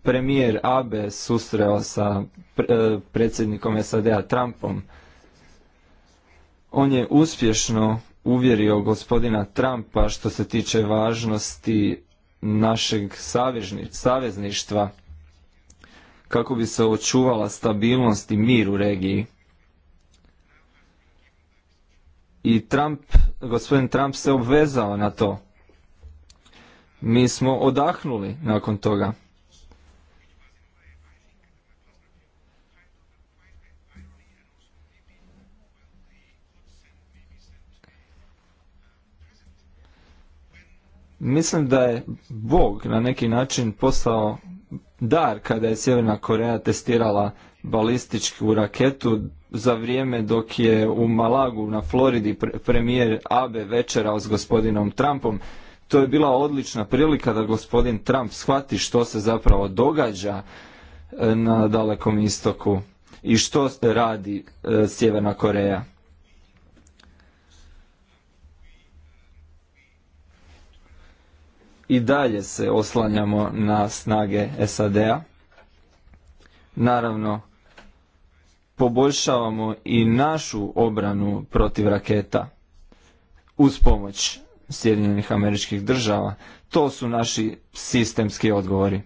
S2: premijer Abe susreo sa e, predsjednikom SAD-a Trumpom, on je uspješno uvjerio gospodina Trumpa što se tiče važnosti našeg savezništva kako bi se očuvala stabilnost i mir u regiji. I Trump, gospodin Trump se obvezao na to mi smo odahnuli nakon toga. Mislim da je Bog na neki način poslao dar kada je Sjeverna Koreja testirala balističku raketu za vrijeme dok je u Malagu na Floridi premijer Abe večerao s gospodinom Trumpom to je bila odlična prilika da gospodin Trump shvati što se zapravo događa e, na dalekom istoku i što radi e, Sjeverna Koreja. I dalje se oslanjamo na snage SAD-a. Naravno, poboljšavamo i našu obranu protiv raketa uz pomoć Sjedinjenih američkih država. To su naši sistemski odgovori.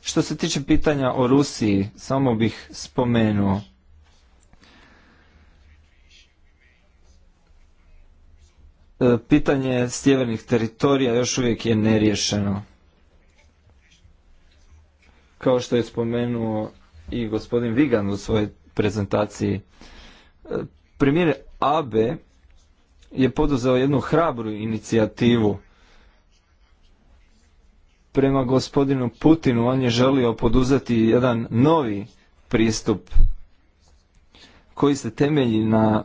S2: Što se tiče pitanja o Rusiji, samo bih spomenuo e, pitanje sjevernih teritorija još uvijek je neriješeno. Kao što je spomenuo i gospodin Vigan u svojoj prezentaciji, e, premijer Abe je poduzeo jednu hrabru inicijativu prema gospodinu Putinu. On je želio poduzeti jedan novi pristup koji se temelji na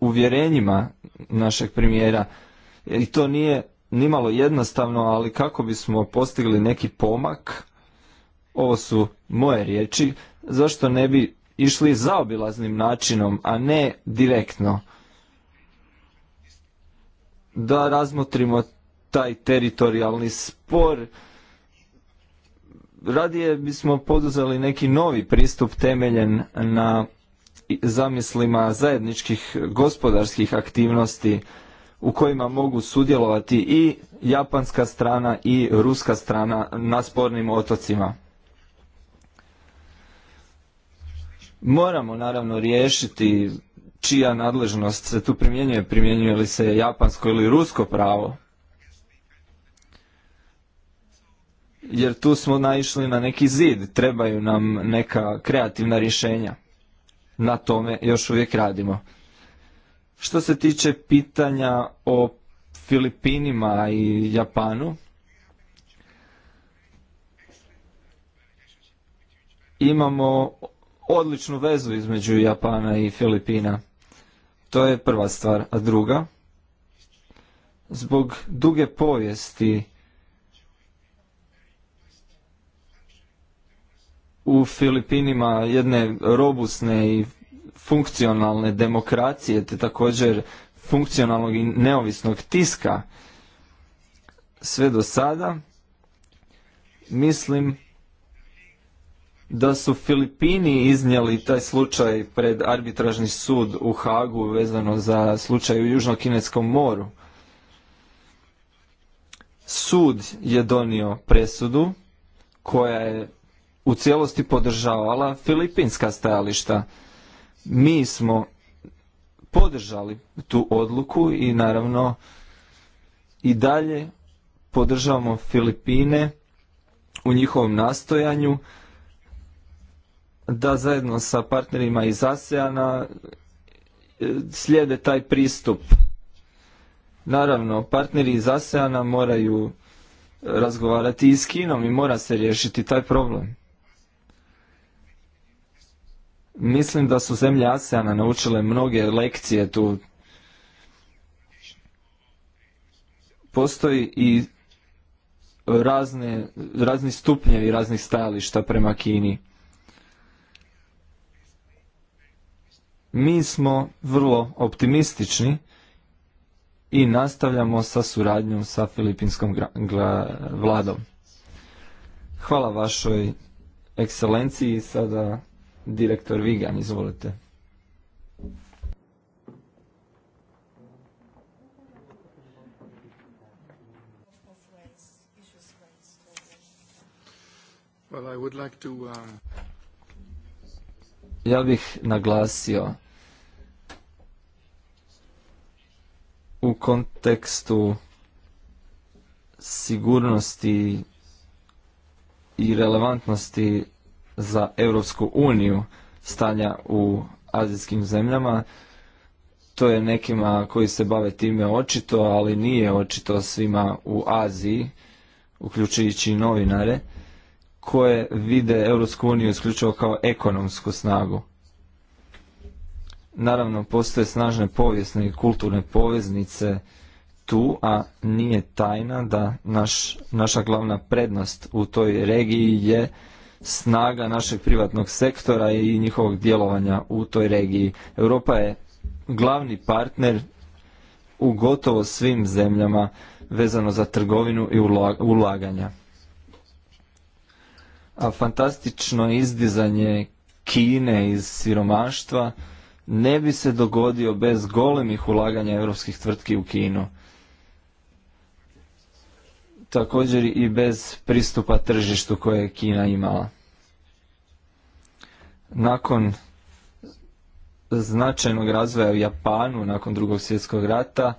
S2: uvjerenjima našeg premijera. I to nije nimalo jednostavno, ali kako bismo postigli neki pomak, ovo su moje riječi, zašto ne bi išli zaobilaznim načinom, a ne direktno da razmotrimo taj teritorijalni spor. Radije bismo poduzeli neki novi pristup temeljen na zamislima zajedničkih gospodarskih aktivnosti u kojima mogu sudjelovati i japanska strana i ruska strana na spornim otocima. Moramo naravno riješiti čija nadležnost se tu primjenjuje, primjenjuje li se japansko ili rusko pravo. Jer tu smo naišli na neki zid, trebaju nam neka kreativna rješenja. Na tome još uvijek radimo. Što se tiče pitanja o Filipinima i Japanu, imamo odličnu vezu između Japana i Filipina. To je prva stvar. A druga, zbog duge povijesti u Filipinima jedne robusne i funkcionalne demokracije te također funkcionalnog i neovisnog tiska sve do sada mislim da su Filipini iznijeli taj slučaj pred arbitražni sud u Hagu vezano za slučaj u Južno-Kineskom moru. Sud je donio presudu koja je u cijelosti podržavala filipinska stajališta. Mi smo podržali tu odluku i naravno i dalje podržavamo Filipine u njihovom nastojanju da zajedno sa partnerima iz ASEANA e, slijede taj pristup. Naravno, partneri iz ASEANA moraju razgovarati i s Kinom i mora se riješiti taj problem. Mislim da su zemlje ASEANA naučile mnoge lekcije tu. Postoji i razne, razni stupnjevi raznih stajališta prema Kini. Mi smo vrlo optimistični i nastavljamo sa suradnjom sa filipinskom vladom. Hvala vašoj ekscelenciji. Sada direktor Vigan, izvolite. Um, ja bih naglasio u kontekstu sigurnosti i relevantnosti za Europsku uniju stanja u azijskim zemljama. To je nekima koji se bave time očito, ali nije očito svima u Aziji, uključujući i novinare, koje vide Europsku uniju isključivo kao ekonomsku snagu. Naravno, postoje snažne povijesne i kulturne poveznice tu, a nije tajna da naš, naša glavna prednost u toj regiji je snaga našeg privatnog sektora i njihovog djelovanja u toj regiji. Europa je glavni partner u gotovo svim zemljama vezano za trgovinu i ulaganja. A fantastično izdizanje Kine iz siromaštva ne bi se dogodio bez golemih ulaganja europskih tvrtki u Kinu. Također i bez pristupa tržištu koje je Kina imala. Nakon značajnog razvoja u Japanu nakon drugog svjetskog rata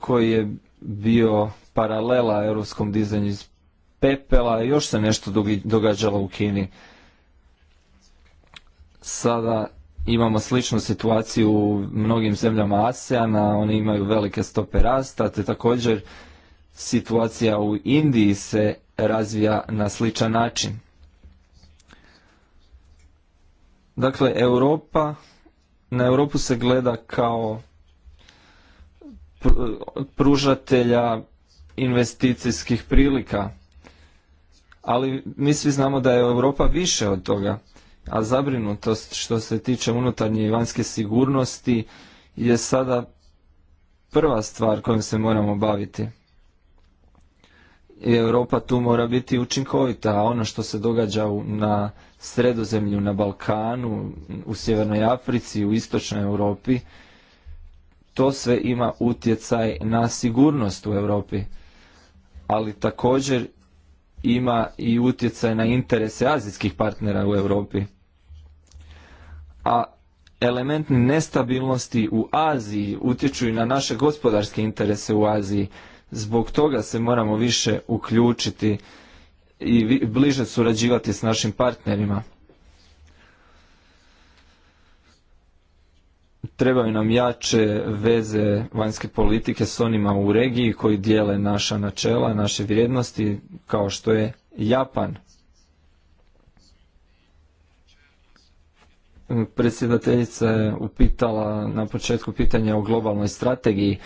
S2: koji je bio paralela europskom dizanju iz pepela još se nešto događalo u Kini sada imamo sličnu situaciju u mnogim zemljama ASEANA, oni imaju velike stope rasta, te također situacija u Indiji se razvija na sličan način. Dakle, Europa, na Europu se gleda kao pružatelja investicijskih prilika, ali mi svi znamo da je Europa više od toga a zabrinutost što se tiče unutarnje i vanjske sigurnosti je sada prva stvar kojom se moramo baviti. Europa tu mora biti učinkovita, a ono što se događa na sredozemlju, na Balkanu, u Sjevernoj Africi, u Istočnoj Europi, to sve ima utjecaj na sigurnost u Europi, ali također ima i utjecaj na interese azijskih partnera u Europi a element nestabilnosti u Aziji utječu i na naše gospodarske interese u Aziji. Zbog toga se moramo više uključiti i bliže surađivati s našim partnerima. Trebaju nam jače veze vanjske politike s onima u regiji koji dijele naša načela, naše vrijednosti, kao što je Japan. Predsjedateljica je upitala na početku pitanja o globalnoj strategiji.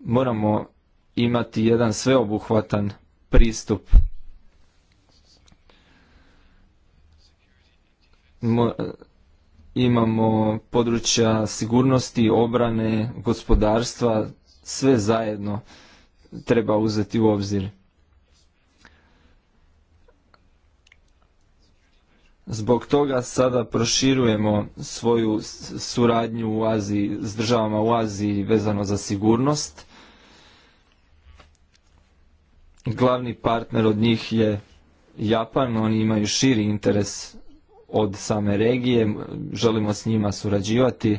S2: Moramo imati jedan sveobuhvatan pristup. imamo područja sigurnosti, obrane, gospodarstva, sve zajedno treba uzeti u obzir. Zbog toga sada proširujemo svoju suradnju u Aziji, s državama u Aziji vezano za sigurnost. Glavni partner od njih je Japan, oni imaju širi interes od same regije, želimo s njima surađivati e,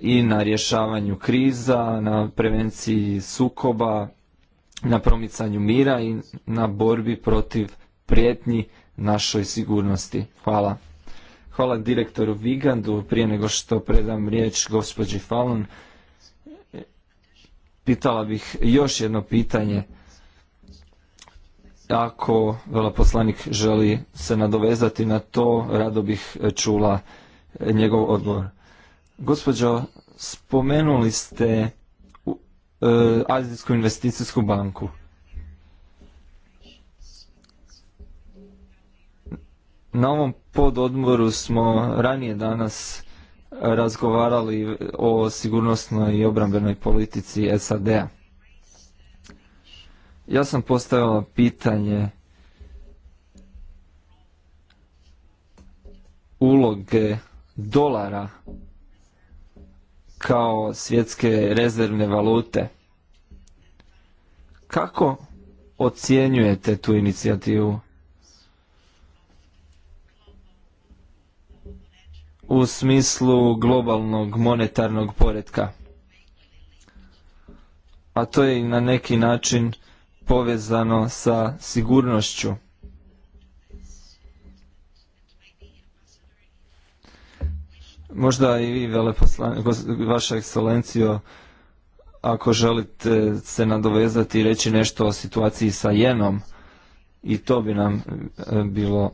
S2: i na rješavanju kriza, na prevenciji sukoba, na promicanju mira i na borbi protiv prijetnji našoj sigurnosti. Hvala. Hvala direktoru Vigandu. Prije nego što predam riječ gospođi Fallon, pitala bih još jedno pitanje. Ako veleposlanik želi se nadovezati na to, rado bih čula njegov odgovor. Gospođo, spomenuli ste e, Azijsku investicijsku banku. Na ovom pododmoru smo ranije danas razgovarali o sigurnosnoj i obrambenoj politici SAD-a. Ja sam postavila pitanje uloge dolara kao svjetske rezervne valute. Kako ocjenjujete tu inicijativu? u smislu globalnog monetarnog poretka. A to je i na neki način povezano sa sigurnošću. Možda i vi, vaša ekscelencijo, ako želite se nadovezati i reći nešto o situaciji sa jenom, i to bi nam e, bilo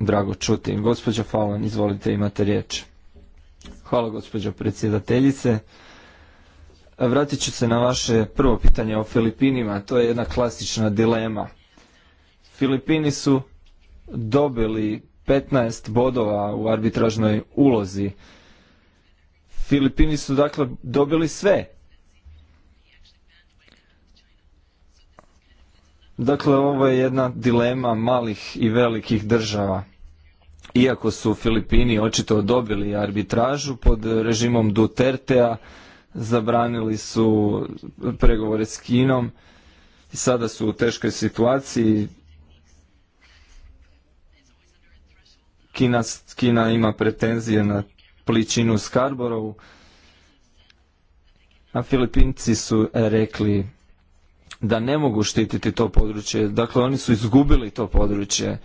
S2: drago čuti. Gospođa Falan, izvolite, imate riječ. Hvala gospođo predsjedateljice. Vratit ću se na vaše prvo pitanje o Filipinima. To je jedna klasična dilema. Filipini su dobili 15 bodova u arbitražnoj ulozi. Filipini su dakle dobili sve. Dakle, ovo je jedna dilema malih i velikih država iako su Filipini očito dobili arbitražu pod režimom Dutertea, zabranili su pregovore s Kinom i sada su u teškoj situaciji. Kina, Kina ima pretenzije na pličinu Skarborovu, a Filipinci su rekli da ne mogu štititi to područje. Dakle, oni su izgubili to područje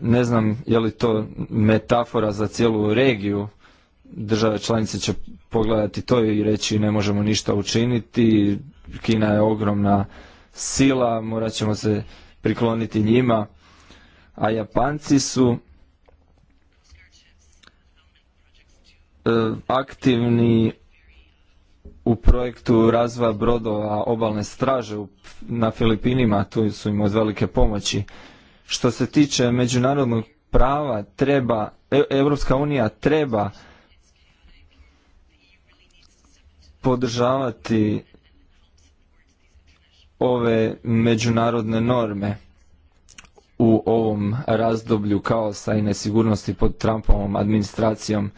S2: ne znam je li to metafora za cijelu regiju. Države članice će pogledati to i reći ne možemo ništa učiniti. Kina je ogromna sila, morat ćemo se prikloniti njima. A Japanci su e, aktivni u projektu razvoja brodova obalne straže na Filipinima, tu su im od velike pomoći. Što se tiče međunarodnog prava, treba, Europska unija treba podržavati ove međunarodne norme u ovom razdoblju kaosa i nesigurnosti pod Trumpovom administracijom.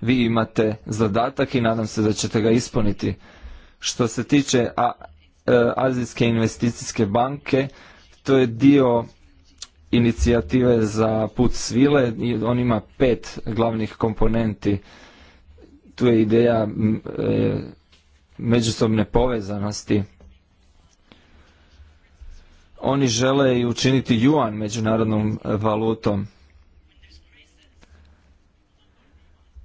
S2: Vi imate zadatak i nadam se da ćete ga ispuniti. Što se tiče e, Azijske investicijske banke, to je dio inicijative za put svile, on ima pet glavnih komponenti. Tu je ideja e, međusobne povezanosti. Oni žele i učiniti juan međunarodnom e, valutom.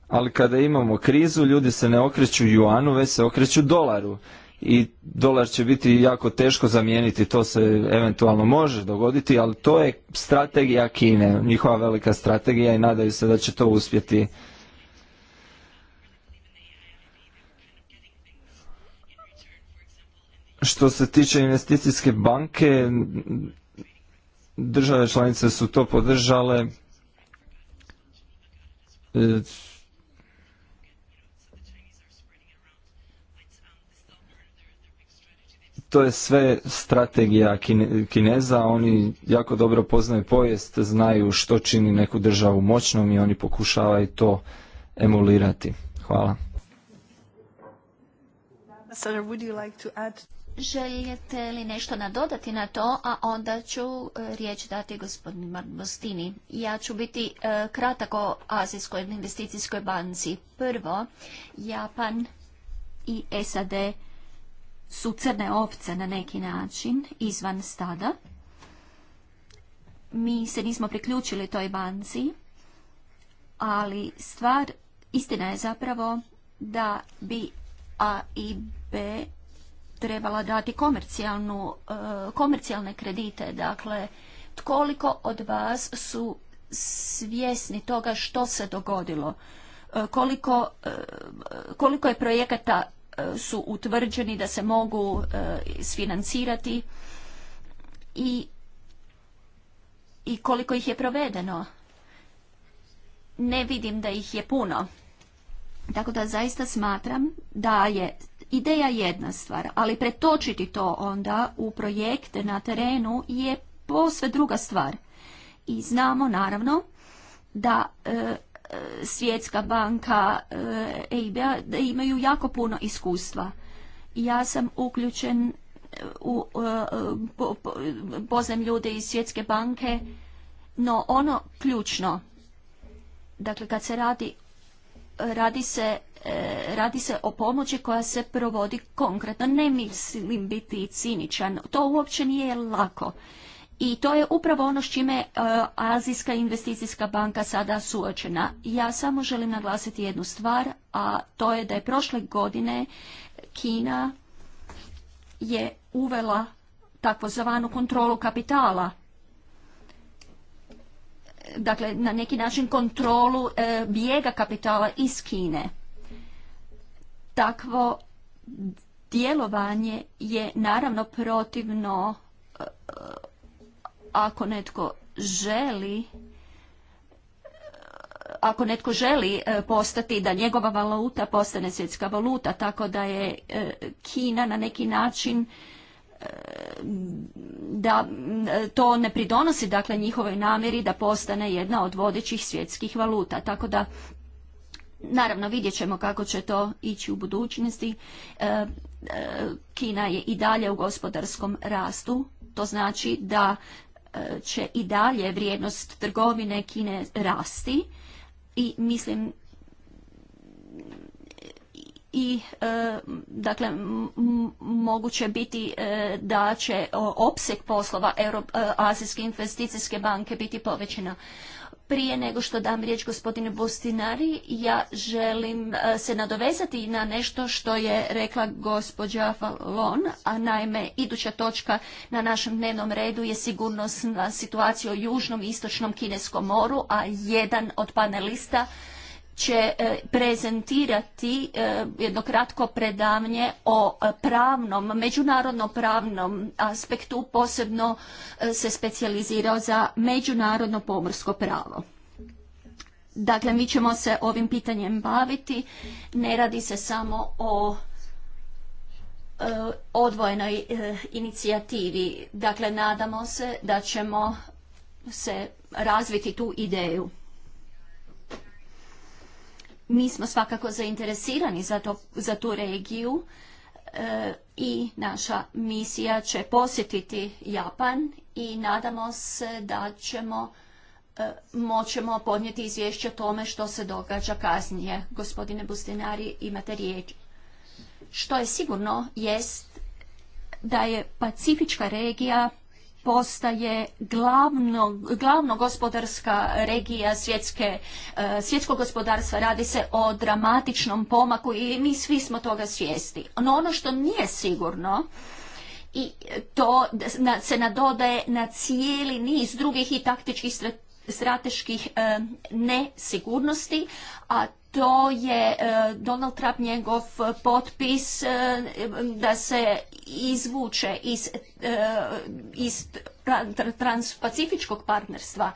S2: Ali kada imamo krizu, ljudi se ne okreću juanu, već se okreću dolaru i dolar će biti jako teško zamijeniti, to se eventualno može dogoditi, ali to je strategija Kine, njihova velika strategija i nadaju se da će to uspjeti. Što se tiče investicijske banke, države članice su to podržale. E, to je sve strategija Kineza, oni jako dobro poznaju povijest, znaju što čini neku državu moćnom i oni pokušavaju to emulirati. Hvala.
S1: Želite li nešto nadodati na to, a onda ću e, riječ dati gospodinu Marbostini. Ja ću biti e, kratak o Azijskoj investicijskoj banci. Prvo, Japan i SAD su crne ovce na neki način izvan stada. Mi se nismo priključili toj banci, ali stvar, istina je zapravo da bi A i B trebala dati e, komercijalne kredite. Dakle, koliko od vas su svjesni toga što se dogodilo? E, e, koliko je projekata su utvrđeni da se mogu e, sfinancirati i, i koliko ih je provedeno. Ne vidim da ih je puno. Tako da zaista smatram da je ideja jedna stvar, ali pretočiti to onda u projekte na terenu je posve druga stvar. I znamo naravno da e, E, Svjetska banka EIB-a e da imaju jako puno iskustva. Ja sam uključen e, u poznam ljude iz Svjetske banke, no ono ključno, dakle kad se radi, radi se radi se o pomoći koja se provodi konkretno. Ne mislim biti ciničan. To uopće nije lako i to je upravo ono s čime e, Azijska investicijska banka sada suočena. Ja samo želim naglasiti jednu stvar, a to je da je prošle godine Kina je uvela takozvanu kontrolu kapitala. Dakle, na neki način kontrolu e, bijega kapitala iz Kine. Takvo djelovanje je naravno protivno ako netko želi ako netko želi e, postati da njegova valuta postane svjetska valuta, tako da je e, Kina na neki način e, da to ne pridonosi dakle njihovoj namjeri da postane jedna od vodećih svjetskih valuta. Tako da naravno vidjet ćemo kako će to ići u budućnosti. Kina je i dalje u gospodarskom rastu, to znači da će i dalje vrijednost trgovine Kine rasti i mislim i e, dakle moguće biti e, da će opseg poslova e, Azijske investicijske banke biti povećana. Prije nego što dam riječ gospodine Bostinari, ja želim e, se nadovezati na nešto što je rekla gospođa Falon, a naime iduća točka na našem dnevnom redu je sigurnost na situaciju o južnom i istočnom kineskom moru, a jedan od panelista će e, prezentirati e, jedno kratko predavnje o e, pravnom, međunarodno pravnom aspektu, posebno se specijalizirao za međunarodno pomorsko pravo. Dakle, mi ćemo se ovim pitanjem baviti. Ne radi se samo o odvojenoj inicijativi. Dakle, nadamo se da ćemo se razviti tu ideju mi smo svakako zainteresirani za, za tu regiju e, i naša misija će posjetiti Japan i nadamo se da ćemo e, moćemo podnijeti izvješće o tome što se događa kasnije. Gospodine Bustinari, imate riječ. Što je sigurno jest da je pacifička regija postaje glavno, glavno gospodarska regija svjetske, e, svjetskog gospodarstva. Radi se o dramatičnom pomaku i mi svi smo toga svijesti. No ono što nije sigurno i to se nadodaje na cijeli niz drugih i taktičkih strateških e, nesigurnosti, a to je e, Donald Trump njegov potpis e, da se izvuče iz, e, transpacifičkog partnerstva.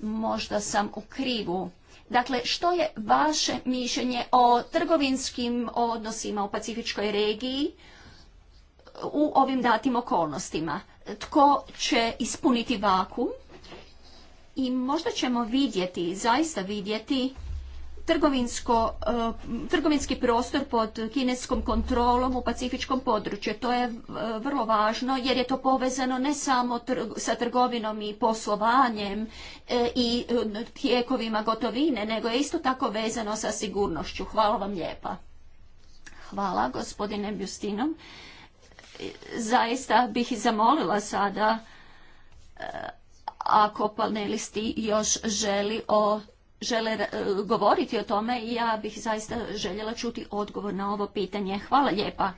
S1: Možda sam u krivu. Dakle, što je vaše mišljenje o trgovinskim odnosima u Pacifičkoj regiji u ovim datim okolnostima? Tko će ispuniti vakum? I možda ćemo vidjeti, zaista vidjeti, trgovinsko, eh, trgovinski prostor pod kineskom kontrolom u pacifičkom području. To je eh, vrlo važno jer je to povezano ne samo sa trgovinom i poslovanjem eh, i tijekovima gotovine, nego je isto tako vezano sa sigurnošću. Hvala vam lijepa. Hvala gospodine Bjustinom. Zaista bih zamolila sada ako panelisti još želi o žele eh, govoriti o tome i ja bih zaista željela čuti odgovor na ovo pitanje. Hvala lijepa.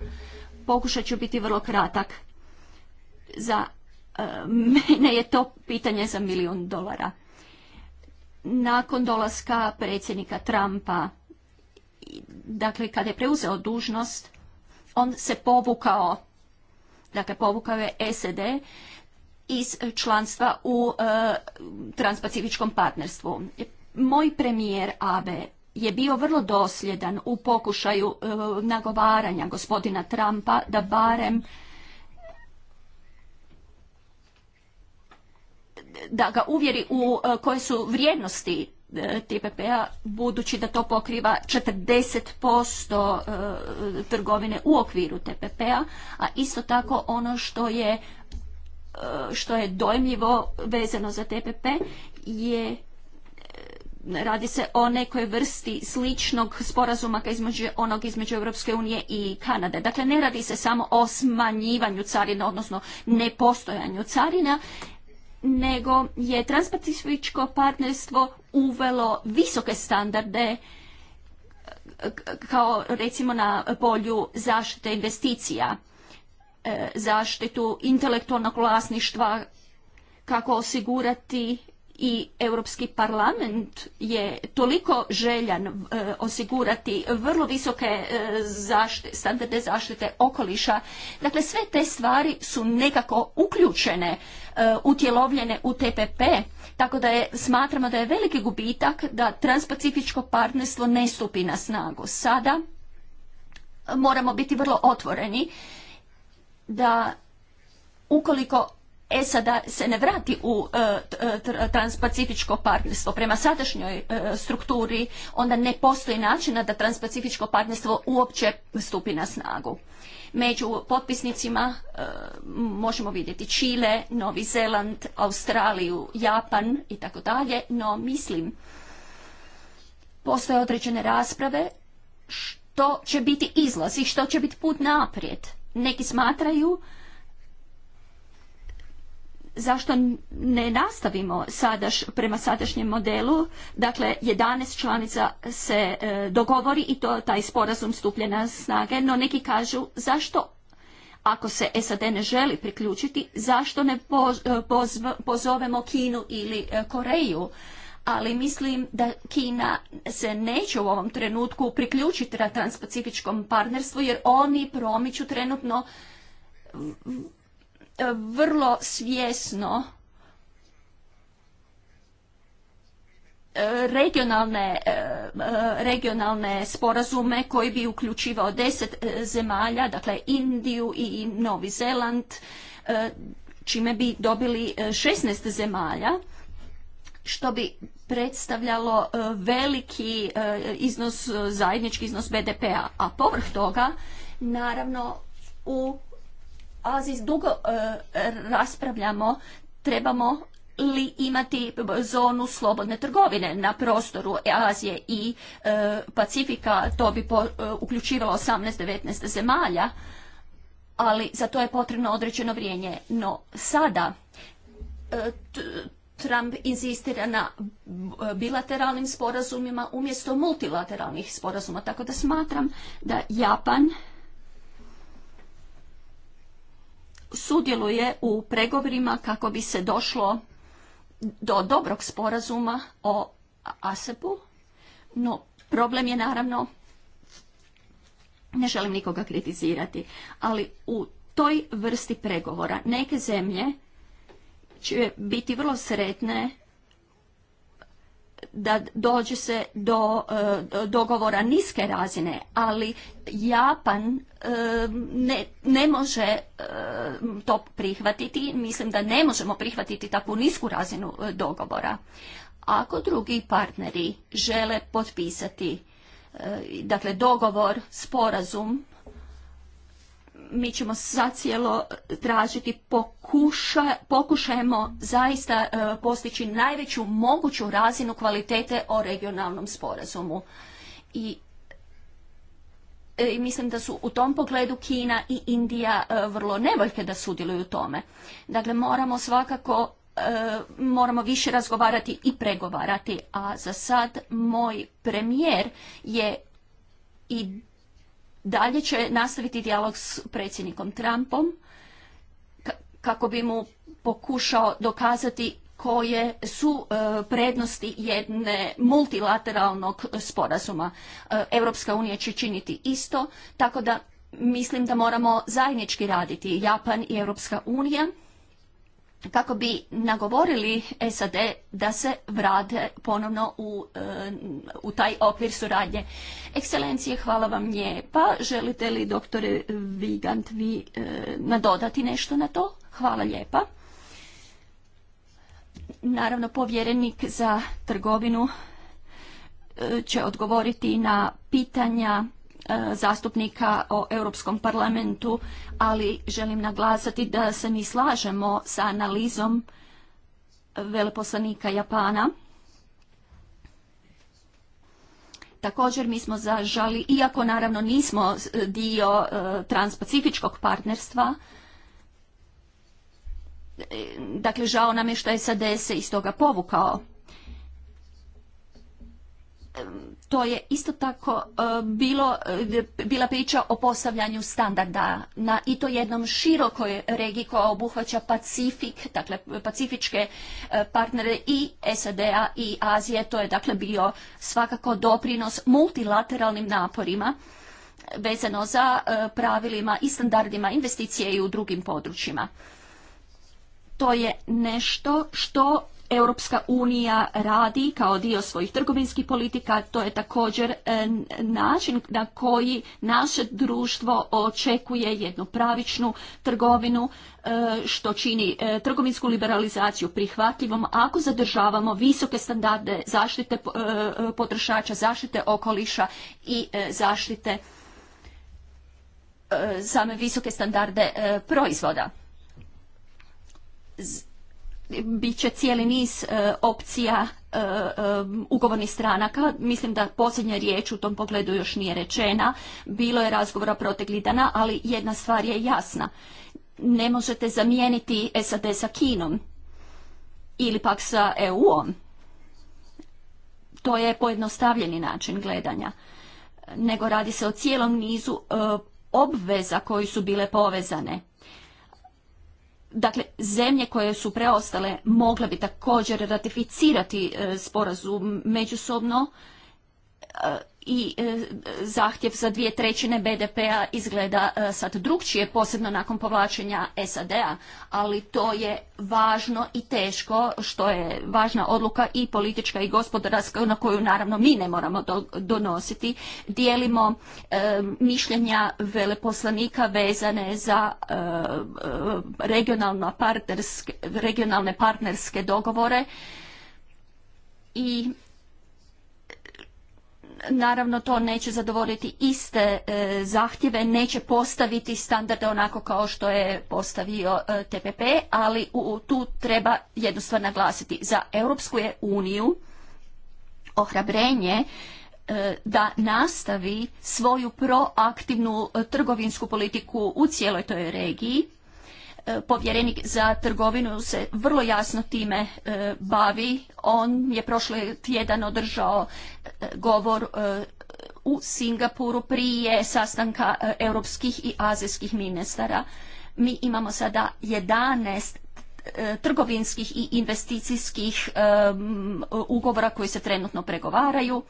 S1: Pokušat ću biti vrlo kratak. Za eh, mene je to pitanje za milijun dolara. Nakon dolaska predsjednika Trumpa, dakle kada je preuzeo dužnost, on se povukao, dakle povukao je SED iz članstva u eh, transpacifičkom partnerstvu. Moj premijer Abe je bio vrlo dosljedan u pokušaju e, nagovaranja gospodina Trumpa da barem da ga uvjeri u e, koje su vrijednosti e, TPP-a budući da to pokriva 40% e, trgovine u okviru TPP-a, a isto tako ono što je što je dojmljivo vezano za TPP je Radi se o nekoj vrsti sličnog sporazuma između onog između Europske unije i Kanade. Dakle, ne radi se samo o smanjivanju carina, odnosno nepostojanju carina, nego je transpacifičko partnerstvo uvelo visoke standarde e, kao recimo na polju zaštite investicija, e, zaštitu intelektualnog vlasništva, kako osigurati i Europski parlament je toliko željan e, osigurati vrlo visoke e, standarde zaštite okoliša. Dakle, sve te stvari su nekako uključene, e, utjelovljene u TPP, tako da je, smatramo da je veliki gubitak da transpacifičko partnerstvo ne stupi na snagu. Sada moramo biti vrlo otvoreni da ukoliko E, sada se ne vrati u e, e, transpacifičko partnerstvo prema sadašnjoj strukturi, onda ne postoji načina da transpacifičko partnerstvo uopće stupi na snagu. Među potpisnicima možemo vidjeti Čile, Novi Zeland, Australiju, Japan i tako dalje, no mislim postoje određene rasprave što će biti izlaz i što će biti put naprijed. Neki smatraju zašto ne nastavimo sadaš, prema sadašnjem modelu, dakle 11 članica se e, dogovori i to taj sporazum stuplje na snage, no neki kažu zašto ako se SAD ne želi priključiti, zašto ne e, pozovemo Kinu ili e, Koreju? Ali mislim da Kina se neće u ovom trenutku priključiti na transpacifičkom partnerstvu jer oni promiču trenutno vrlo svjesno e, regionalne, e, e, regionalne sporazume koji bi uključivao deset zemalja, dakle Indiju i Novi Zeland, čime bi dobili 16 zemalja, što bi predstavljalo veliki iznos, zajednički iznos BDP-a. A povrh toga, naravno, u Aziz dugo e, raspravljamo trebamo li imati zonu slobodne trgovine na prostoru Azije i e, Pacifika, to bi e, uključivalo 18-19 zemalja, ali za to je potrebno određeno vrijeme. No sada Trump inzistira na bilateralnim sporazumima umjesto multilateralnih sporazuma, tako da smatram da Japan sudjeluje u pregovorima kako bi se došlo do dobrog sporazuma o ASEP-u, no problem je naravno, ne želim nikoga kritizirati, ali u toj vrsti pregovora neke zemlje će biti vrlo sretne da dođe se do e, dogovora niske razine, ali Japan ne, ne može e, to prihvatiti. Mislim da ne možemo prihvatiti takvu nisku razinu e, dogovora. Ako drugi partneri žele potpisati e, dakle dogovor, sporazum, mi ćemo zacijelo cijelo tražiti, pokuša, pokušajmo zaista postići najveću moguću razinu kvalitete o regionalnom sporazumu. I E, i mislim da su u tom pogledu Kina i Indija e, vrlo nevoljke da sudjeluju u tome. Dakle, moramo svakako e, moramo više razgovarati i pregovarati, a za sad moj premijer je i dalje će nastaviti dijalog s predsjednikom Trumpom kako bi mu pokušao dokazati koje su e, prednosti jedne multilateralnog sporazuma. E, Evropska Europska unija će činiti isto, tako da mislim da moramo zajednički raditi Japan i Europska unija kako bi nagovorili SAD da se vrade ponovno u, e, u taj okvir suradnje. Ekscelencije, hvala vam lijepa. Želite li, doktore Vigant, vi nadodati nešto na to? Hvala lijepa. Naravno, povjerenik za trgovinu e, će odgovoriti na pitanja e, zastupnika o Europskom parlamentu, ali želim naglasati da se mi slažemo sa analizom veleposlanika Japana. Također mi smo zažali, iako naravno nismo dio e, transpacifičkog partnerstva, dakle žao nam je što SAD se iz toga povukao. To je isto tako e, bilo, e, bila priča o postavljanju standarda na i to jednom širokoj regiji koja obuhvaća Pacifik, dakle pacifičke e, partnere i SAD-a i Azije. To je dakle bio svakako doprinos multilateralnim naporima vezano za pravilima i standardima investicije i u drugim područjima. To je nešto što Europska unija radi kao dio svojih trgovinskih politika, to je također e, način na koji naše društvo očekuje jednu pravičnu trgovinu, e, što čini e, trgovinsku liberalizaciju prihvatljivom ako zadržavamo visoke standarde zaštite potrošača, zaštite okoliša i zaštite same visoke standarde proizvoda bit će cijeli niz e, opcija e, e, ugovornih stranaka. Mislim da posljednja riječ u tom pogledu još nije rečena. Bilo je razgovora proteklih dana, ali jedna stvar je jasna. Ne možete zamijeniti SAD sa Kinom ili pak sa EU-om. To je pojednostavljeni način gledanja. Nego radi se o cijelom nizu obveza koji su bile povezane Dakle, zemlje koje su preostale mogle bi također ratificirati e, sporazum međusobno, e, i e, zahtjev za dvije trećine BDP-a izgleda e, sad drugčije, posebno nakon povlačenja SAD-a, ali to je važno i teško, što je važna odluka i politička i gospodarska, na koju naravno mi ne moramo donositi. Dijelimo e, mišljenja veleposlanika vezane za regionalne partnerske dogovore i naravno to neće zadovoljiti iste e, zahtjeve, neće postaviti standarde onako kao što je postavio e, TPP, ali u, tu treba jednu stvar naglasiti. Za Europsku je uniju ohrabrenje e, da nastavi svoju proaktivnu trgovinsku politiku u cijeloj toj regiji E, povjerenik za trgovinu se vrlo jasno time e, bavi. On je prošli tjedan održao e, govor u Singapuru prije sastanka europskih i azijskih ministara. Mi imamo sada 11 trgovinskih i investicijskih ugovora koji se trenutno pregovaraju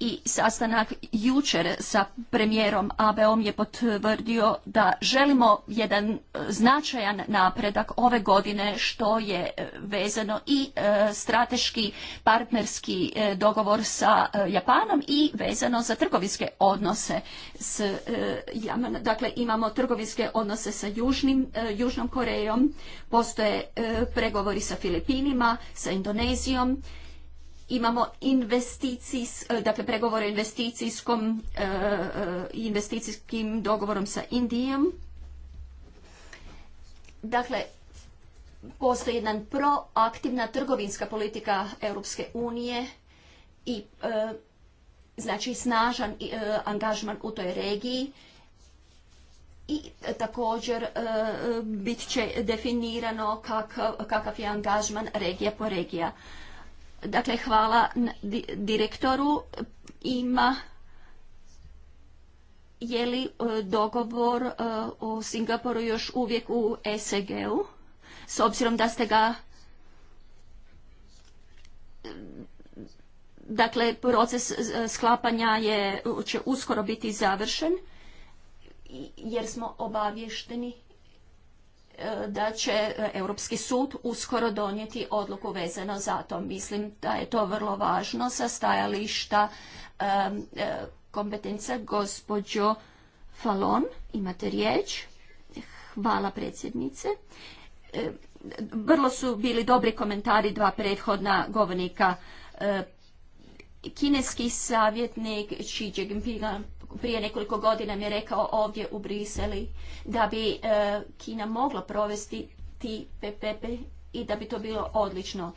S1: i sastanak jučer sa premijerom abom je potvrdio da želimo jedan e, značajan napredak ove godine što je e, vezano i e, strateški partnerski dogovor sa Japanom i vezano za trgovinske odnose s dakle imamo trgovinske odnose sa Južnom Korejom, postoje pregovori sa Filipinima, sa Indonezijom imamo investicijs, eh, dakle pregovore o investicijskom, eh, eh, investicijskim dogovorom sa Indijom. Dakle, postoji jedna proaktivna trgovinska politika Europske unije i znači snažan angažman u toj regiji i također bit će definirano kakav je angažman regija po regija. Dakle, hvala direktoru. Ima je li e, dogovor e, o Singapuru još uvijek u SEG-u, s obzirom da ste ga dakle proces e, sklapanja je, će uskoro biti završen jer smo obavješteni E, da će Europski sud uskoro donijeti odluku vezano za to. Mislim da je to vrlo važno sa stajališta e, e, kompetenca. Gospođo Falon, imate riječ. Hvala predsjednice. Vrlo su bili dobri komentari dva prethodna govornika kineski savjetnik Xi prije nekoliko godina mi je rekao ovdje u Briseli da bi e, Kina mogla provesti ti PPP i da bi to bilo odlično.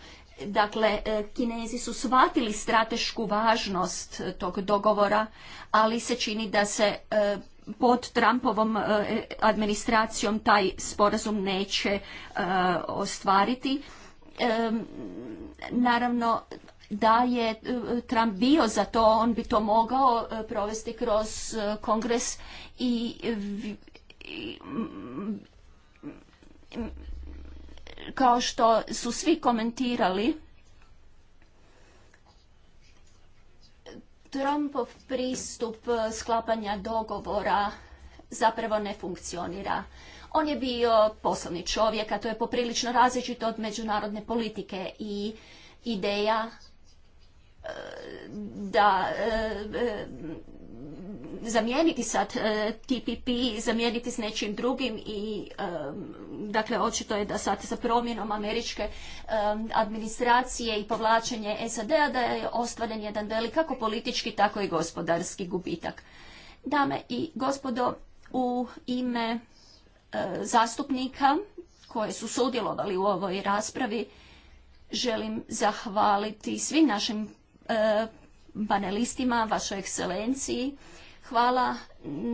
S1: Dakle, e, Kinezi su shvatili stratešku važnost e, tog dogovora, ali se čini da se pod Trumpovom administracijom taj sporazum neće ostvariti. Naravno, da je e, Trump bio za to, on bi to mogao e, provesti kroz e, kongres i, kao što su svi komentirali Trumpov pristup sklapanja dogovora zapravo ne funkcionira. On je bio poslovni čovjek, a to je poprilično različito od međunarodne politike i ideja da e, e, zamijeniti sad e, TPP, zamijeniti s nečim drugim i dakle očito je da sad sa promjenom američke administracije i povlačenje SAD-a da je ostvaren jedan velik kako politički tako i gospodarski gubitak. Dame i gospodo, u ime zastupnika koje su sudjelovali u ovoj raspravi želim zahvaliti svim našim panelistima, vašoj ekscelenciji. Hvala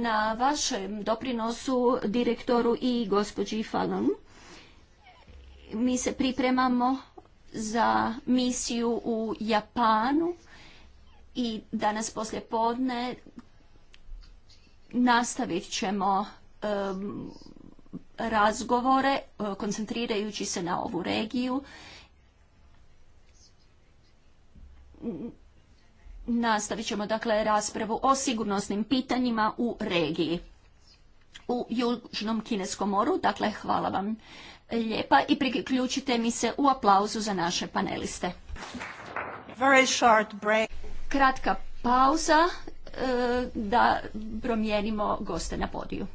S1: na vašem doprinosu direktoru i gospođi Fallon. Mi se pripremamo za misiju u Japanu i danas poslje podne nastavit ćemo razgovore koncentrirajući se na ovu regiju Nastavit ćemo dakle raspravu o sigurnosnim pitanjima u regiji u Južnom Kineskom moru. Dakle, hvala vam lijepa i priključite mi se u aplauzu za naše paneliste. Kratka pauza e, da promijenimo goste na podiju.